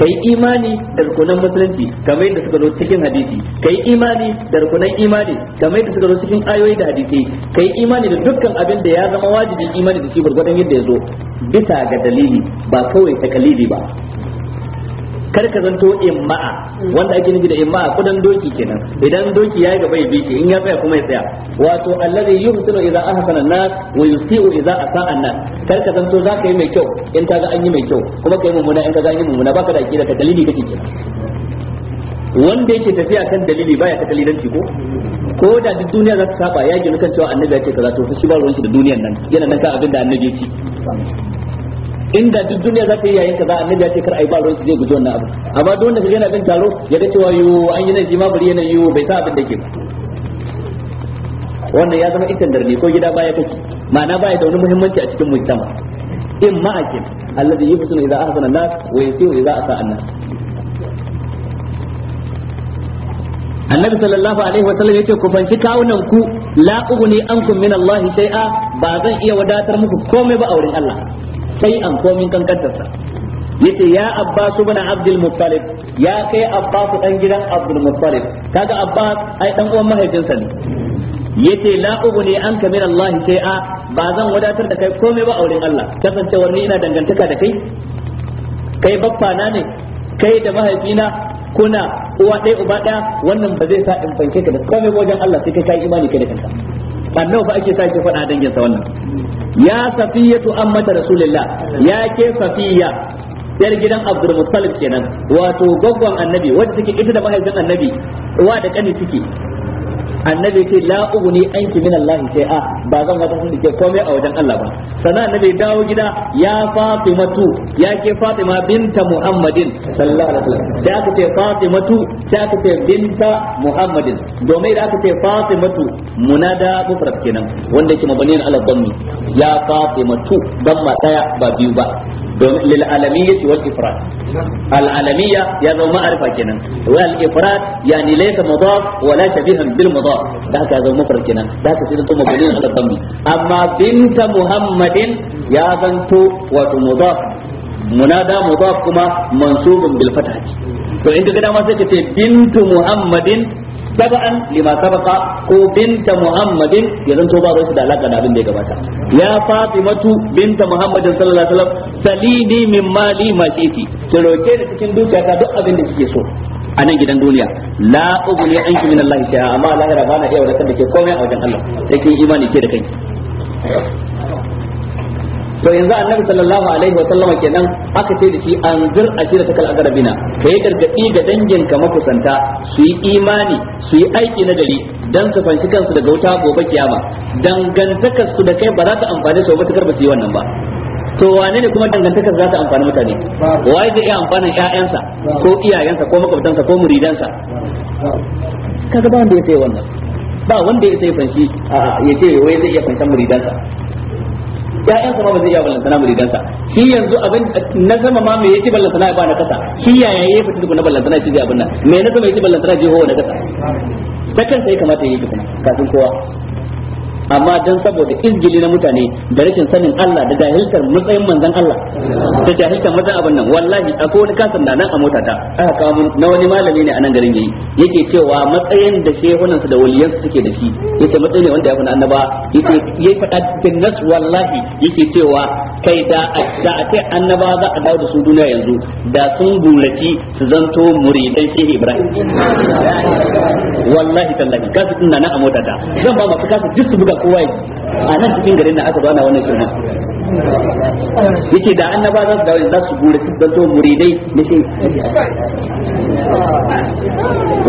ka yi imani da rukunan musulunci kamar yadda suka zo cikin hadisi ka yi imani da rukunan imani kamar yadda suka zo cikin ayoyi da hadisi ka yi imani da dukkan abin da ya zama wajibi imani da shi gwargwadon yadda ya zo bisa ga dalili ba kawai takalili ba kar ka zanto imma'a wanda ake nufi da imma'a kudan doki kenan idan doki yayi gaba ya bi shi in ya tsaya kuma ya tsaya wato allazi yuhsinu idza ahsana an-nas wa yusiu idza asa'a an-nas kar ka zanto zaka yi mai kyau in ka ga an yi mai kyau kuma kai mummuna in ka ga an yi mummuna baka da akida ka dalili kake kenan wanda yake tafiya kan dalili baya ta dalilanci ko ko da duk duniya za ta saba ya gina kan cewa annabi ya ce kaza to shi ba ruwan shi da duniyan nan yana nan ka abin da annabi ya ce inda duk duniya za ta yi yayin kaza annabi ya ce kar ai ba ruwan zai guji wannan abu amma duk wanda kaga yana bin taro ya ga cewa yo an yi na shi ma bari yana bai sa abin da ke ba wannan ya zama itan darni ko gida baya kake ma'ana baya da wani muhimmanci a cikin mujtama in ma akin allazi yufsinu idza ahsana nas wa yusiu idza asaa an-nas annabi sallallahu alaihi wa sallam yace ku fanci kawunan ku la ughni ankum min Allah shay'a ba zan iya wadatar muku komai ba a wurin Allah an komin kankantarsa yace ya abbasu bin abdul muttalib ya kai abbasu dan gidan abdul muttalib kaga abbas ai dan uwan mahaifinsa ne yace la ubni anka min allah a ba zan wadatar da kai komai ba auren allah kasancewar ni ina dangantaka da kai kai baffa na ne kai da mahaifina kuna uwa ɗaya uba ɗaya wannan ba zai sa in fanke ka da komai wajen allah sai kai kai imani kai da kanka bannan fa ake sake faɗa dangin sa wannan ya safiyatu ammata rasulillah ya ke safiya yar gidan Abdul Muttalib kenan wato gwaggon annabi wadda take ita da mahaifin annabi uwa da kani take annabi ce la uguni anki min Allah a ba zan wata sun dake komai a wajen Allah ba sannan annabi dawo gida ya fatimatu ya ke fatima binta muhammadin sallallahu alaihi wasallam sai aka ce fatimatu sai aka ce binta muhammadin domin da aka ce fatimatu munada mufrad kenan wanda yake mabaniyan ala dhammi ya fatimatu damma daya ba biyu ba domin lil alamiyyah wal ifrad al alamiyyah ya zama ma'arifa kenan wal ifrad yani laysa mudaf wala shabihan bil mudaf da haka ya zama mufrad kenan da haka sai zanto mabniun ala dhammi amma binta muhammadin ya zanto wato mudaf munada mudaf kuma mansubun bil fatah to in kaga dama sai ka ce bintu muhammadin taban lima sabaqa ko binta muhammadin ya zanto ba su da alaka da abin da ya gabata ya fatimatu binta muhammadin sallallahu alaihi wasallam salini min mali ma shiti ki roke da cikin dukiya duk abin da kike so a nan gidan duniya la ya anki min Allah shay'a amma lahira ba na iya wadatar da ke komai a wajen Allah sai kin imani ke da kanki to yanzu annabi sallallahu alaihi wa sallama kenan aka ce da shi an ta kal aqrabina kai gargadi ga ka makusanta su yi imani su yi aiki na gari dan su fanshi kansu daga wuta gobe kiyama dangantakar su da kai ba za ta amfane su ba ta karba su yi wannan ba to wane ne kuma dangantakar za ta amfani mutane waye zai iya amfanin ƴaƴansa ko iyayensa ko makwabtansa ko muridansa kaga ba wanda ya sai wannan ba wanda ya sai fanshi ya ce wai zai iya fanshan muridansa ƴaƴansa ma ba zai iya ballantana muridansa shi yanzu abin na sama ma me yace ballantana ba na kasa shi yaya yayi fita tukuna ballantana shi zai abin nan me na sama yace ballantana je ho na kasa dakan sai kamata yake kuma kafin kowa amma dan saboda izgili na mutane da rashin sanin Allah da jahiltar matsayin manzon Allah da jahiltar mazan abin nan wallahi akwai wani kasan da nan a motata aka kawo mun na wani malami ne a nan garin yayi yake cewa matsayin da shehunan su da waliyan su suke da shi yace matsayi ne wanda ya fana annaba yake yayi fada cikin nas wallahi yake cewa kai da da a kai annaba za a dawo da su duniya yanzu da sun guraci su zanto muridan shehu Ibrahim wallahi tallahi kasu din nan a motata zan ba masu kasu duk su buga kowa yi a nan cikin garin nan aka bana wannan shirma yake da annaba za su dawo za su gure su zanto muridai na shi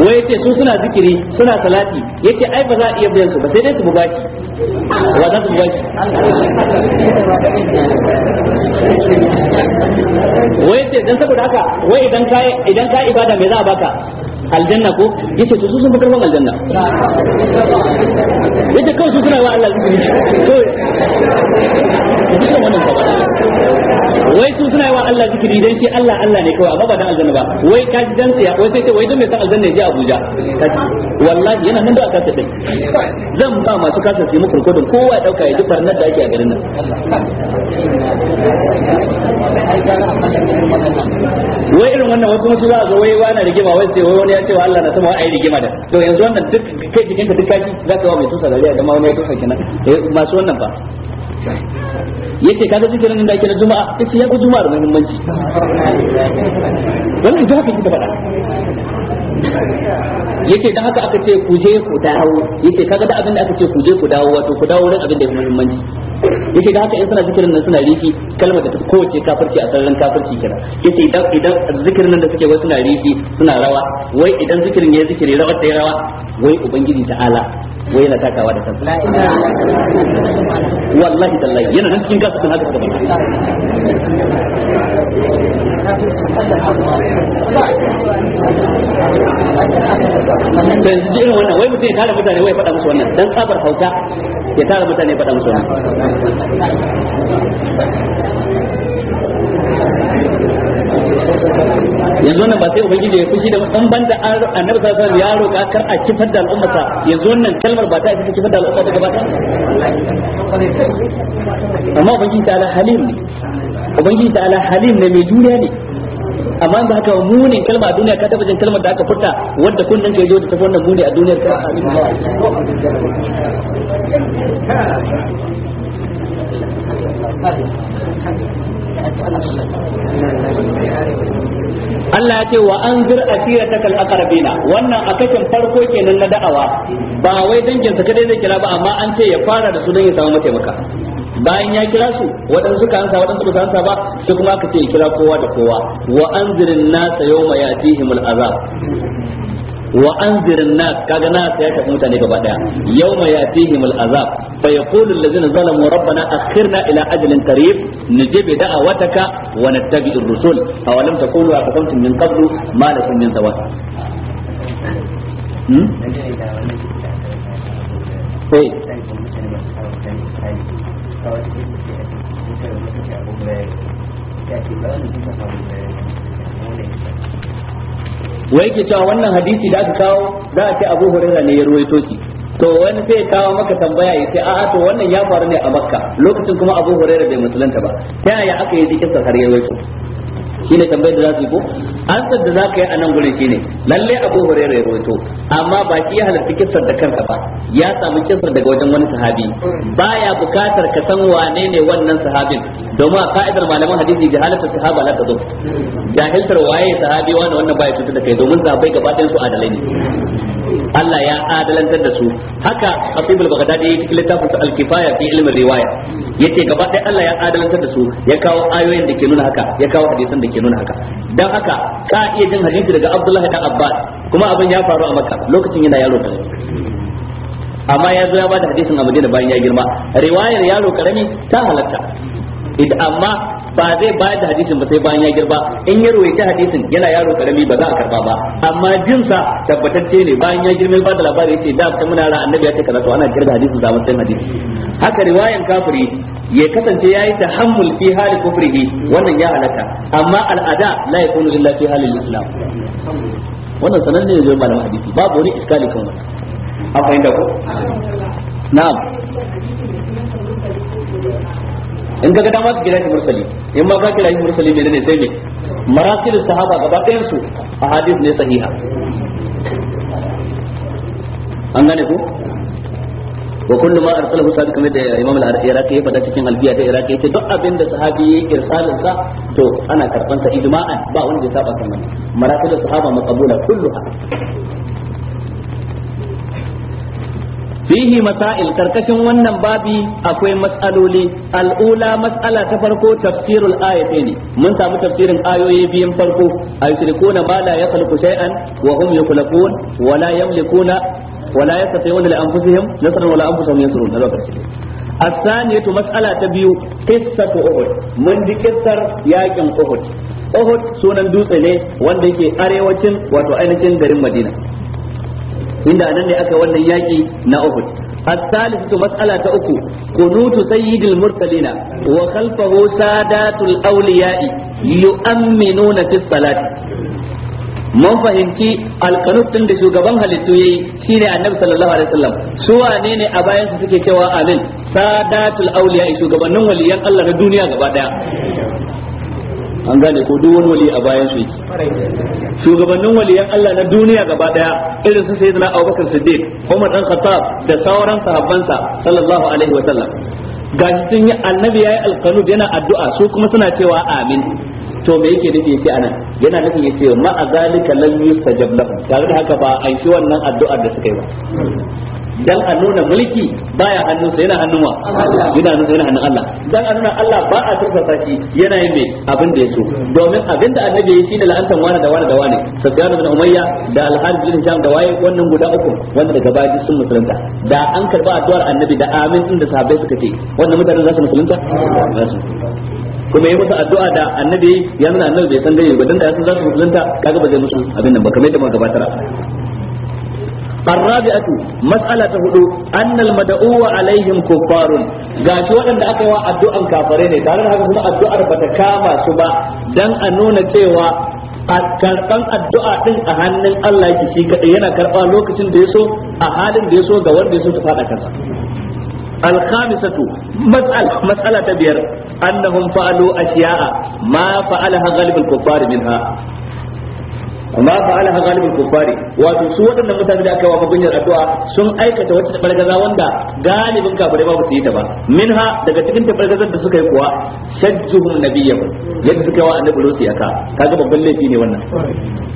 wai yace su suna zikiri suna salati yake ai ba za a iya biyan su ba sai dai su shi wa za su buga shi wai yace dan saboda haka wai idan ka idan ibada me za a baka aljanna ko yace to su sun fi karban aljanna yace kawai su suna wa Allah zikiri to dukkan wannan ba wai su suna wa Allah zikiri dan shi Allah Allah ne kawai amma ba dan aljanna ba wai ka ji dan tsiya wai sai ce wai dan mai san aljanna je Abuja wallahi yana nan da aka tafi zan ba masu kasar mu muku rikodin kowa ya dauka ya ji farnar da ake a garin nan wai irin wannan wasu masu za a zo wai wani rigima wai sai wai wani ya ce wa Allah na sama ai rigima da to yanzu wannan duk kai jikinka duk kashi zaka wa mai tusa dariya da ma wani ya tusa kenan eh, masu wannan ba yace kaga zikirin da ake na juma'a yace ya ku juma'a da muhimmanci wannan da haka kike faɗa yace dan haka aka ce ku je ku dawo yace kaga da abin da aka ce ku je ku dawo wato ku dawo ran abin da ya muhimmanci yake da haka in suna zikirin nan suna rishi kalmar da ta kowace kafirci a sararin kafirci kira yace idan idan zikirin nan da suke wai suna rishi suna rawa wai idan zikirin ya zikiri rawa ta rawa wai ubangiji ta'ala wai yana takawa da kansa wallahi tallahi yana nan cikin kasa kan haka suka bata da yanzu irin wannan wai mutum ya tara mutane wai faɗa musu wannan dan tsabar hauka ya tara mutane faɗa musu wannan yanzu wannan ba sai ubangiji ya fushi da dan banda annabi sallallahu alaihi ya roƙa kar a kifar da al'ummata yanzu wannan kalmar ba ta isa kifar da al'umma ta gaba ta amma ubangiji ta ala halim ne ubangiji ta ala halim ne mai juriya ne amma ba haka munin kalma a duniya ka taba jin kalmar da aka furta wadda nan ka yajo da tafi wannan muni a duniyar ka Allah ya ce wa an zir asiratakal aqrabina wannan a kashin farko kenan na da'awa ba wai dangin sa kadai zai kira ba amma an ce ya fara da su don ya samu mataimaka bayan ya kira su waɗansu ka hansa waɗansu ba hansa ba sai kuma aka ce ya kira kowa da kowa wa anzirin nasa yawma yatihimul azab وأنذر الناس كذا ناس يكاد موتى يوم يأتيهم العذاب فيقول الذين ظلموا ربنا أخرنا إلى أجل قريب نجب دعوتك ونتبع الرسل أولم تقولوا أقسمتم من قبل ما لكم من زواج ايه wa yake cewa wannan hadisi da aka kawo za a ce Abu Hurairah ne ya ruwaito shi to wani sai kawo maka tambaya ya ce a'a to wannan ya faru ne a Makka lokacin kuma Abu Hurairah bai musulunta ba ta yaya aka yi dikin sa har ya ruwaito shine tambayar da za su yi ko ansar da za ka yi a nan gurin shine lalle abu hurairah ya rawaito amma ba shi ya halarci kissar da kanka ba ya samu kissar daga wajen wani sahabi baya bukatar ka san wane ne wannan sahabin domin a ka'idar malaman hadisi jahalatul sahaba la tadum jahiltar waye sahabi wani wannan baya cutar da kai domin sahabbai gaba ɗayan su adalai ne Allah ya adalantar da su haka Hasib al-Baghdadi yake littafin su al-Kifaya fi ilmin riwaya yace gaba ɗaya Allah ya adalantar da su ya kawo ayoyin da ke nuna haka ya kawo hadisan da ke nuna haka dan haka ka iya jin hadisi daga Abdullah da Abbas kuma abin ya faru a Makka lokacin yana yaro karami amma ya zo ya bada hadisin a Madina bayan ya girma riwayar yaro karami ta halatta amma ba zai bayar da hadisin ba sai bayan ya girba in ya ruwaita hadisin yana yaro karami ba za a karba ba amma jin sa tabbatacce ne bayan ya girma ba da labari yace da ta muna ra annabi ya ce kaza to ana girba hadisin da matsayin hadisi haka riwayan kafiri ya kasance yayi tahammul fi hali kufrihi wannan ya halaka amma al'ada la yakunu illa fi halil islam wannan sananne ne zai malamin hadisi babu wani iskali kan wannan an fahimta ko na'am in ka ga dama ka kira shi mursali in ma ka kira shi mursali ne ne sai me marasilus sahaba gaba ɗayan su ahadith ne sahiha an gane ku wa kullu ma arsalahu sahabi kamar da imam al-iraqi ya fada cikin albiya ta iraqi yace duk abin da sahabi ya irsalin sa to ana karban sa ijma'an ba wanda ya saba kan wannan marasilus sahaba maqbula kulluha Bihi masail karkashin wannan babi akwai mas'aloli al'ula mas'ala ta farko tafsirul ayati ne mun samu tafsirin ayoyi biyan farko ayyukuna ma la yakhluqu shay'an wa hum yakhluqun wa la yamlikuna wa la yastati'una li anfusihim nasran wa la anfusahum yansurun hada karshe الثانية مسألة تبيو قصة أهد mun دي قصة ياكم أهد أهد sunan dutse ne wanda ديكي arewacin wato ainihin garin Madina. inda anan ne aka wannan yaki na Uhud الثالثة مسألة أكو قنوت سيد المرسلين وخلفه سادات الأولياء يؤمنون في الصلاة mun fahimci alkanut din da shugaban halittu shine annabi sallallahu alaihi wasallam su wane ne a bayan suke cewa amin sadatul auliya shugabannin waliyan Allah na duniya gaba ɗaya? an gane ko duk wani wali a bayan su shugabannin waliyan Allah na duniya gaba daya irin su sayyidina Abubakar Siddiq Umar dan Khattab da sauran sahabbansa sallallahu alaihi wa sallam gashi sun yi annabi yayi alqanud yana addu'a su kuma suna cewa amin to me yake nufi yace anan yana nufin yace ma azalika lam yustajab lahu tare da haka ba an shi wannan addu'ar da suka yi ba dan a nuna mulki baya hannunsa yana hannun wa yana nuna yana hannun Allah dan a nuna Allah ba a tursasa shi yana yin me abin da ya so domin abin da annabi yayi shine la'antan wani da wani da wani Sufyan ibn Umayya da Al-Harith bin Hisham da waye wannan guda uku wanda daga baya sun musulunta da an karba addu'ar annabi da amin din da sahabbai suka ce wannan mutanen za su musulunta kuma yi musu addu'a da annabi ya nuna annabi bai san gani ba dan da ya san za su musulunta kaga ba zai musu abin nan ba kamar yadda muka gabatar الرابعة مسألة هدو أن المدعو عليهم كفار shi waɗanda aka yi wa addu'an kafare ne tare da haka kuma addu'ar bata kama su ba dan a nuna cewa a karɓan addu'a ɗin a hannun Allah yake shi kaɗai yana karɓa lokacin da ya so a halin da ya so ga wanda ya so ta faɗa kansa الخامسة مسألة مسألة بير أنهم فعلوا أشياء ما فعلها غالب الكفار منها amma ha galibin kufari wato su waɗannan mutane da aka wa kunyar addu'a sun aikata wata tabargaza wanda galibin kafirai ba su yi ta ba minha daga cikin tabargazar da suka yi kuwa shajjuhum nabiyyu yadda suka wa annabi lutu yaka kaga babban laifi ne wannan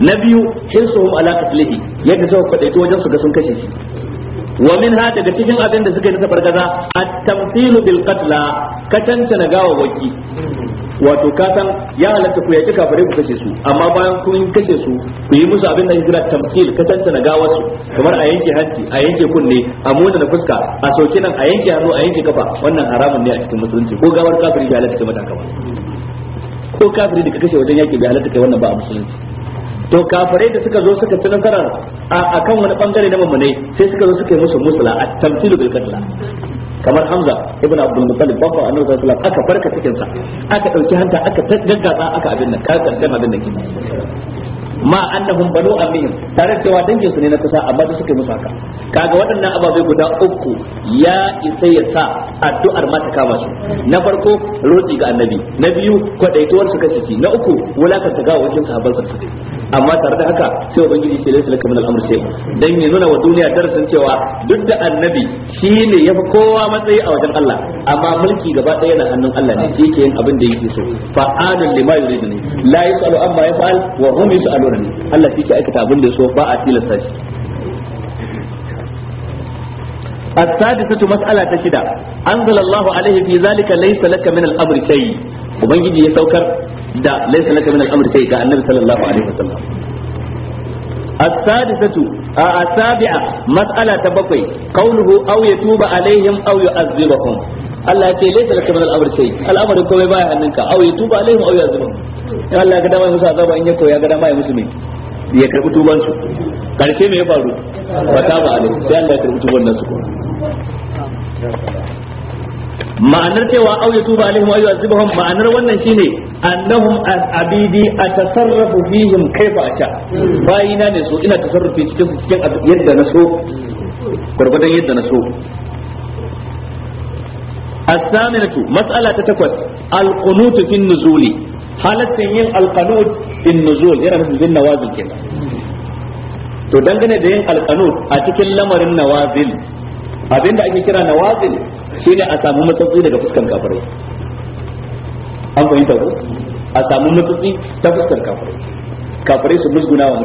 na biyu hirsuhum ala qatlihi yadda suka kwadaito wajen su ga sun kashe shi wa minha daga cikin abin da suka yi ta tabargaza at-tamthilu bil qatla katanta na gawa waki wato ka san ya halatta ku yaki kafirai ku kashe su amma bayan kun kashe su ku yi musu abin da ake kira tamkil ka tantana gawar su kamar a yanke hanci a yanke kunne a motsa na fuska a sauke nan a yanke hannu a yanke kafa wannan haramun ne a cikin musulunci ko gawar kafiri bai halatta kai mata kafa ko kafiri da ka kashe wajen yaki bai halatta kai wannan ba a musulunci to kafirai da suka zo suka ci nasarar a kan wani bangare na mamanai sai suka zo suka yi musu musula a tamkilu bil qatla kamar hamza ibn abdul muttalib babba annabi sallallahu alaihi aka farka cikin sa aka dauki hanta aka gaggaba aka abin nan ka abin nan ma annahum banu amihim tare cewa dangin su ne na kusa amma da suka musaka kaga waɗannan ababai guda uku ya isa ya sa addu'ar ma ta kama su na farko rotsi ga annabi na biyu kwadaituwar su kace na uku ta ga wajen sahabban su amma tare da haka sai ubangiji ce laysa lakum min al-amr sai dan ya nuna wa duniya darasin cewa duk da annabi shine yafi kowa matsayi a wajen Allah amma mulki gaba ɗaya na hannun Allah ne shi yake yin abin da yake so fa'alul lima yuridu la yasalu amma yaf'al wa hum yasalu al'amari Allah shi ke aikata abin da ya so ba a tilasta shi السادسة مسألة تشدة أنزل الله عليه في ذلك ليس لك من الأمر شيء وبنجي يسوكر دا ليس لك من الأمر شيء كأن النبي صلى الله عليه وسلم السادسة السابعة مسألة بقي قوله أو يتوب عليهم أو يعذبهم Allah ya ce laisa laka min al-amr shay al'amarin komai baya hannunka aw tuba alaihim aw yazlum in Allah ya ga dama musu azaba in ya koya ga dama ya musu me ya karbi tuban su karshe me ya faru ba ta ba alai sai Allah ya karbi tuban nasu ma'anar cewa aw tuba alaihim aw yazlum ma'anar wannan shine annahum abidi atasarrafu fihim kayfa asha bayina ne so ina tasarrufi cikin cikin yadda na so gurgudan yadda na so as-saminatu mas'ala ta takwas al-qunut fi القنوت في yin al-qanut fi nuzul yana nufin bin nawazil kenan to dangane da yin al a cikin lamarin nawazil abinda ake kira nawazil shine a samu matsatsi daga fuskan kafare. an fahimta ko a samu matsatsi ta fuskan kafare, kafare su musguna wa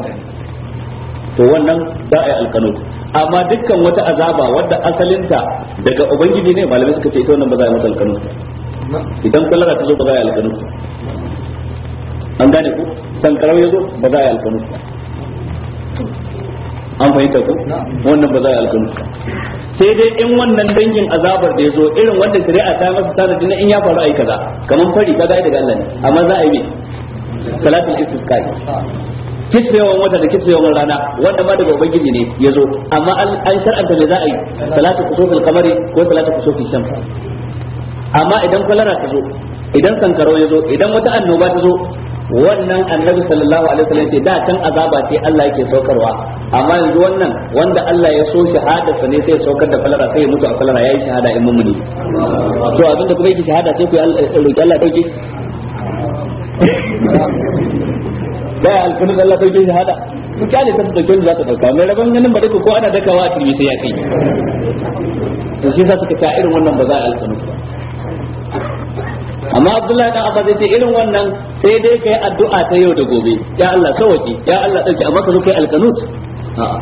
to wannan za a yi amma dukkan wata azaba wadda asalinta daga ubangiji ne malamai suka ce ita wannan ba za a mata alkanu idan kullara ta zo ba za a yi alkanu an gane ku sankarau ya zo ba za a yi alkanu an fahimta ku wannan ba za a yi alkanu sai dai in wannan dangin azabar da ya zo irin wanda shari'a ta masa tanadi na in ya faru yi kaza kamar fari kaga ai daga Allah ne amma za a yi ne salatul istisqa kitsewan wata da kitsewan rana wanda ba daga ubangiji ne ya zo amma an shar'anta me za a yi salatu kusufil kamari ko salatu kusufil shams amma idan kwalara ta zo idan sankaro ya zo idan wata annoba ta zo wannan annabi sallallahu alaihi wasallam ce da can azaba ce Allah yake saukarwa amma yanzu wannan wanda Allah ya so shahada sa ne sai saukar da falara sai ya mutu a falara yayi shahada in mummuni to abinda kuma yake shahada sai ku roki Allah dauke baya alkanu Allah sarkin hada, mu kyale ta da kyau za ta dauka mai rabon ganin ba duka ko ana daka wa turmi sai ya kai to shi yasa suka ta irin wannan ba za a alkanu amma Abdullahi dan Abbas yace irin wannan sai dai kai addu'a ta yau da gobe ya Allah sauki ya Allah dauki amma ka zo kai alkanu? Aa,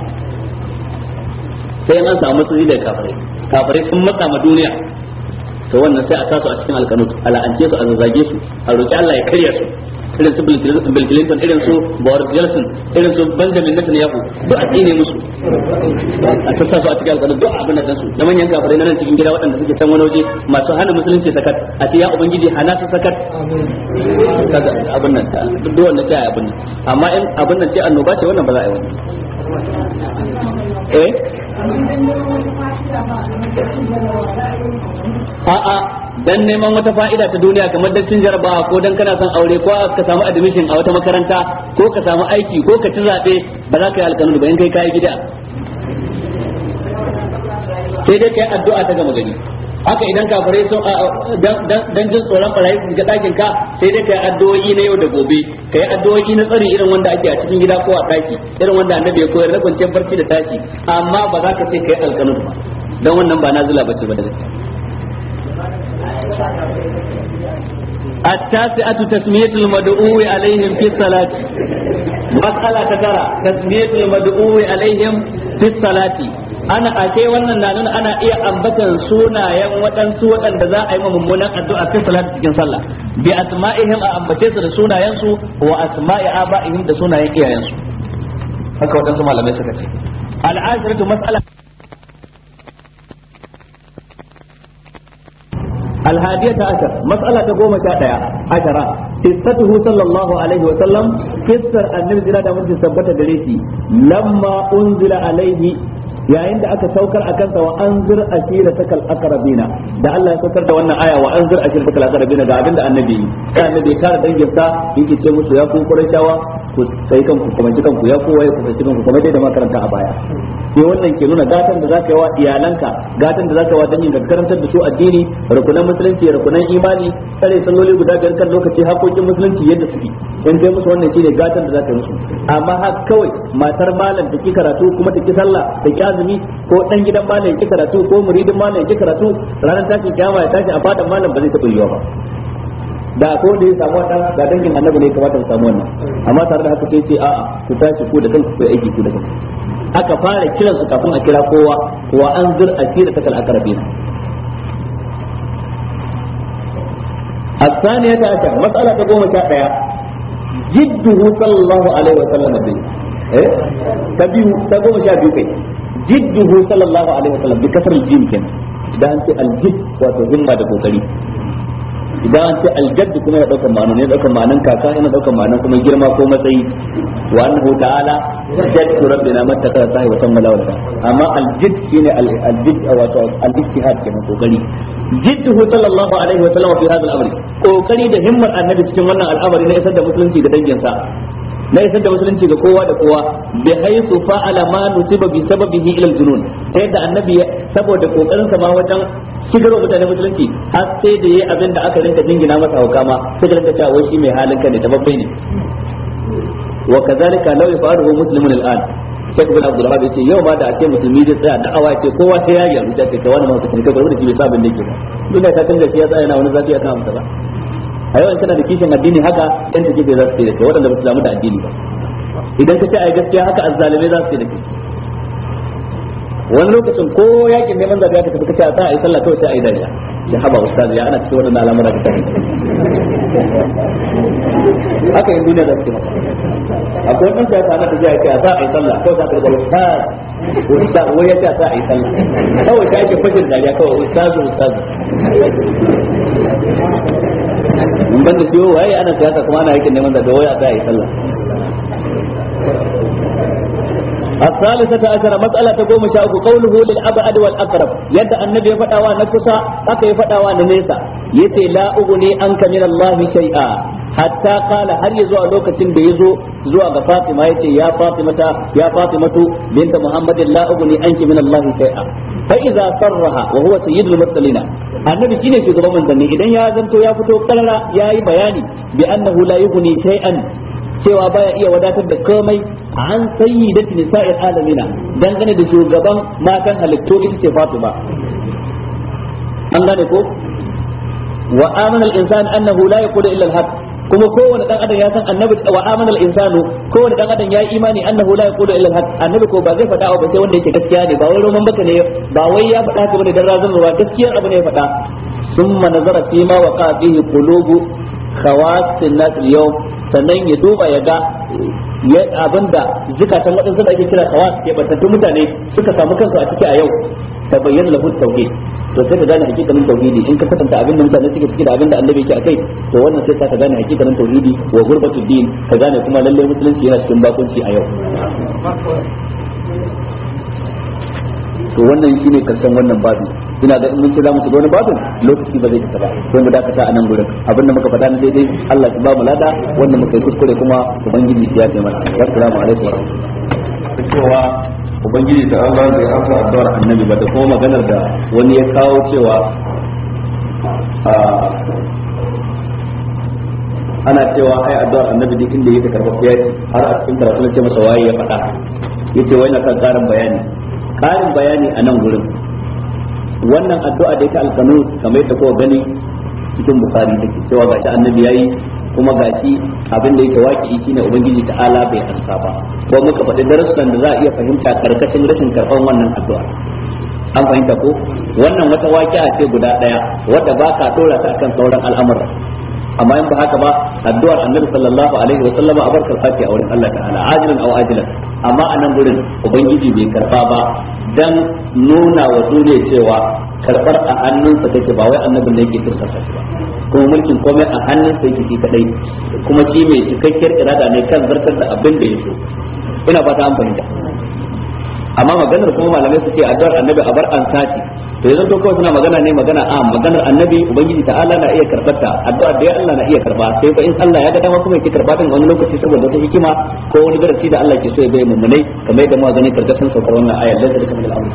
sai an samu tsiri da kafirai kafirai sun matsa ma duniya to wannan sai a tasu a cikin alkanut ala'ance su a zazzage su a roki Allah ya karya su irin su Bill Clinton irin su Boris Johnson irin su Benjamin Netanyahu duk a tsine musu a tasa su a cikin alƙalin duk abin da su da manyan kafirai na nan cikin gida waɗanda suke can wani waje masu hana musulunci sakat a ce ya ubangiji hana su sakat kaga abin nan ta duk wannan ta abin nan amma in abin nan ce annoba ce wannan ba za a yi wani eh a'a dan neman wata fa'ida ta duniya kamar dan cin jarabawa ko dan kana son aure ko ka samu admission a wata makaranta ko ka samu aiki ko ka ci zabe ba za ka yi alƙalin ba in kai yi gida sai dai kai addu'a ta gama gari haka idan kafirai sun dan jin tsoron barayi su ga dakin ka sai dai kai addu'o'i na yau da gobe kai addu'o'i na tsari irin wanda ake a cikin gida ko a daki irin wanda annabi ya koyar da kwanciyar barci da tashi amma ba za ka ce kai alkanun ba dan wannan ba nazila bace ba da التاسعة تسمية المدعو عليهم في الصلاة مسألة ترى تسمية المدعو عليهم في الصلاة ana a ake wannan na nuna ana iya ambatan sunayen waɗansu waɗanda za a yi mummunan addu'a fi salatu cikin sallah bi asma'ihim a ambace su da sunayen su wa asma'i aba'ihim da sunayen iyayen su haka waɗansu malamai suka ce al'ashiratu mas'ala الهادية عشر مسألة قوم شاء عشرة قصته صلى الله عليه وسلم قصة النبي صلى الله عليه وسلم لما أنزل عليه yayin da aka saukar a kansa wa an anzir ashira takal aqrabina da Allah ya saukar da wannan aya wa an anzir ashira takal aqrabina ga abinda annabi yi sai annabi ya tara dangin sa yake ce musu ya ku qurayshawa ku sai kan ku kuma ji ku ya kowa ya ku sai kanku kuma dai da makaranta a baya sai wannan ke nuna gatan da zaka yi wa iyalanka gatan da zaka yi wa dangin ka karantar da su addini rukunan musulunci rukunan imani tsare salloli guda biyar kan lokaci hakokin musulunci yadda suke in kai musu wannan shine gatan da zaka yi musu amma har kawai matar malam da ki karatu kuma ta ki sallah da ki azumi ko dan gidan malam ya karatu ko muridin malam ya karatu ranar tashin kiyama ya tashi a fadan malam ba zai taɓa yiwa ba da ko da ya samu wata ga dangin annabi ne kamata su samu wannan amma tare da haka sai ce a'a ku tashi ku da kanku ku aiki ku da kanku aka fara kiran su kafin a kira kowa wa zur asira kal akrabin الثانية عشر مسألة تقوم شاقيا جده صلى الله عليه وسلم به تبيه تقوم شاقيا jidduhu sallallahu alaihi wasallam bi kasar jim kenan idan an ce aljid wato himma da kokari idan ce aljadd kuma ya daukar ma'anan ya daukar ma'anan kaka yana daukar ma'anan kuma girma ko matsayi wa annahu ta'ala jaddu rabbina mattaka sahi wa tammala wa amma aljidd shine aljid wato al-ijtihad kenan kokari jidduhu sallallahu alaihi wa sallam fi hadha al-amr kokari da himmar annabi cikin wannan al'amari na isar da musulunci da danginsa na isar da musulunci ga kowa da kowa bi haythu fa'ala ma nusiba bi sababihi ila al-junun sai da annabi saboda kokarin sa ma wajen shigarwa mutane musulunci har sai da yayi abin da aka rinka jingina masa hauka ma sai da rinka cewa wai shi mai halin ka ne babbai ne wa kadhalika law yafa'aluhu muslimun al-an Sheikh bin Abdul Wahab yace yau ma da ake musulmi da tsaya awa yace kowa sai ya a da kai wani ma ka tsinka da shi bai sa abin da yake ba ina ta canza shi ya tsaya na wani zafi kama amsa ba a yau in kana da kishin addini haka yan kifi za su ce da kai waɗanda ba su damu da addini ba idan ka ce ai gaskiya haka azzalimai za su ce da kai wani lokacin ko yakin neman zabe ka tafi kace a sa ai sallah kawai sai yi dariya ya haba ustazi ya ana cikin wannan al'amura da kai haka yin duniya da suke akwai wannan sai ta ta jiya kai a sa ai sallah kawai za ka ustaz ustaz wai ya ce a sa yi sallah kawai ta yake fashin dariya kawai ustazi ustazi. in ban da ciwo waye ana siyasa kuma ana yakin neman zaɓe waya za a yi sallah الثالثة عشر مسألة تقوم شاوك قوله للأبعد والأقرب يد النبي فتاوى نكسا أكي فتاوى نميسا يتي لا أغني أنك من الله شيئا hatta kala har ya zuwa lokacin da ya zo zuwa ga Fatima yace ya Fatimata ya Fatimatu binta Muhammadin la ugni anki min Allah shay'a fa idza sarraha wa huwa sayyidul mursalin annabi shine shugaban manzanni idan ya zanto ya fito karara yi bayani bi annahu la yughni shay'an cewa baya iya wadatar da komai an sayyidati nisa'il alamina dangane da shugaban matan halittu ita ce Fatima an gane ko wa amana al-insan annahu la yaqulu illa al-haqq kuma kowane dan adam ya san annabi wa amana al insanu kowane dan adam ya yi imani annahu la yaqulu illa al haqq annabi ko ba zai faɗa ba sai wanda yake gaskiya ne ba wai roman baka ne ba wai ya fada ka bane dan ruwa gaskiyar abu ne ya faɗa summa nazara fi ma waqa fihi qulubu khawas nas al sannan ya duba ya ga ya abinda zukatan waɗansu da ake kira khawas ke bantattun mutane suka samu kansu a ciki a yau tabayyana lahu tauhid to sai ka gane hakikanin tauhidi in ka kasanta abin da mutane suke ciki da abin da annabi yake akai to wannan sai ka gane hakikanin tauhidi wa gurbatul din ka gane kuma lalle musulunci yana cikin bakunci a yau to wannan shine karshen wannan babu ina ga mun ce za mu shiga wani babu lokaci ba zai fita ba sai mu dakata a nan gurin abinda muka faɗa na daidai Allah ya ba mu lada wannan muka yi kuskure kuma ubangiji ya taimaka assalamu alaikum warahmatullahi ubangiji ta Allah bai amsa addu'ar annabi ba da kuma maganar da wani ya kawo cewa ana cewa ai addu'ar annabi duk inda yake karɓar ya har a cikin karatu ce masa waye ya faɗa yace wai na kan karin bayani karin bayani a nan gurin wannan addu'a da yake alkanu kamar yadda kowa gani cikin bukari take cewa gashi annabi yayi kuma shi abin da yake waki shi ne ubangiji ta ala bai ansa ba ko muka faɗi darussan da za a iya fahimta karkashin rashin karɓar wannan addu'a an fahimta ko wannan wata waki a ce guda ɗaya wadda ba ka dora ta akan sauran al'amuran amma in ba haka ba addu'ar annabi sallallahu alaihi wa sallama a barkar fati a wurin Allah ta'ala ajilan aw ajilan amma a nan gurin ubangiji bai karba ba dan nuna wa duniya cewa karbar a hannunsa take ba wai annabin ne yake tursa ba kuma mulkin komai a hannun sai yake kadai kuma shi mai cikakkiyar irada ne kan zartar da abin da ya so ina fata an fahimta amma maganar kuma malamai su ce addu'ar annabi a bar an sati to yanzu to kawai suna magana ne magana a maganar annabi ubangiji allah na iya karbar ta addu'a da Allah na iya karba sai fa in Allah ya ga dama kuma yake karba din wani lokaci saboda wata hikima ko wani darasi da Allah ke so ya bai mummunai kamar yadda mu gani karkashin saukar wannan ayar da ta kamar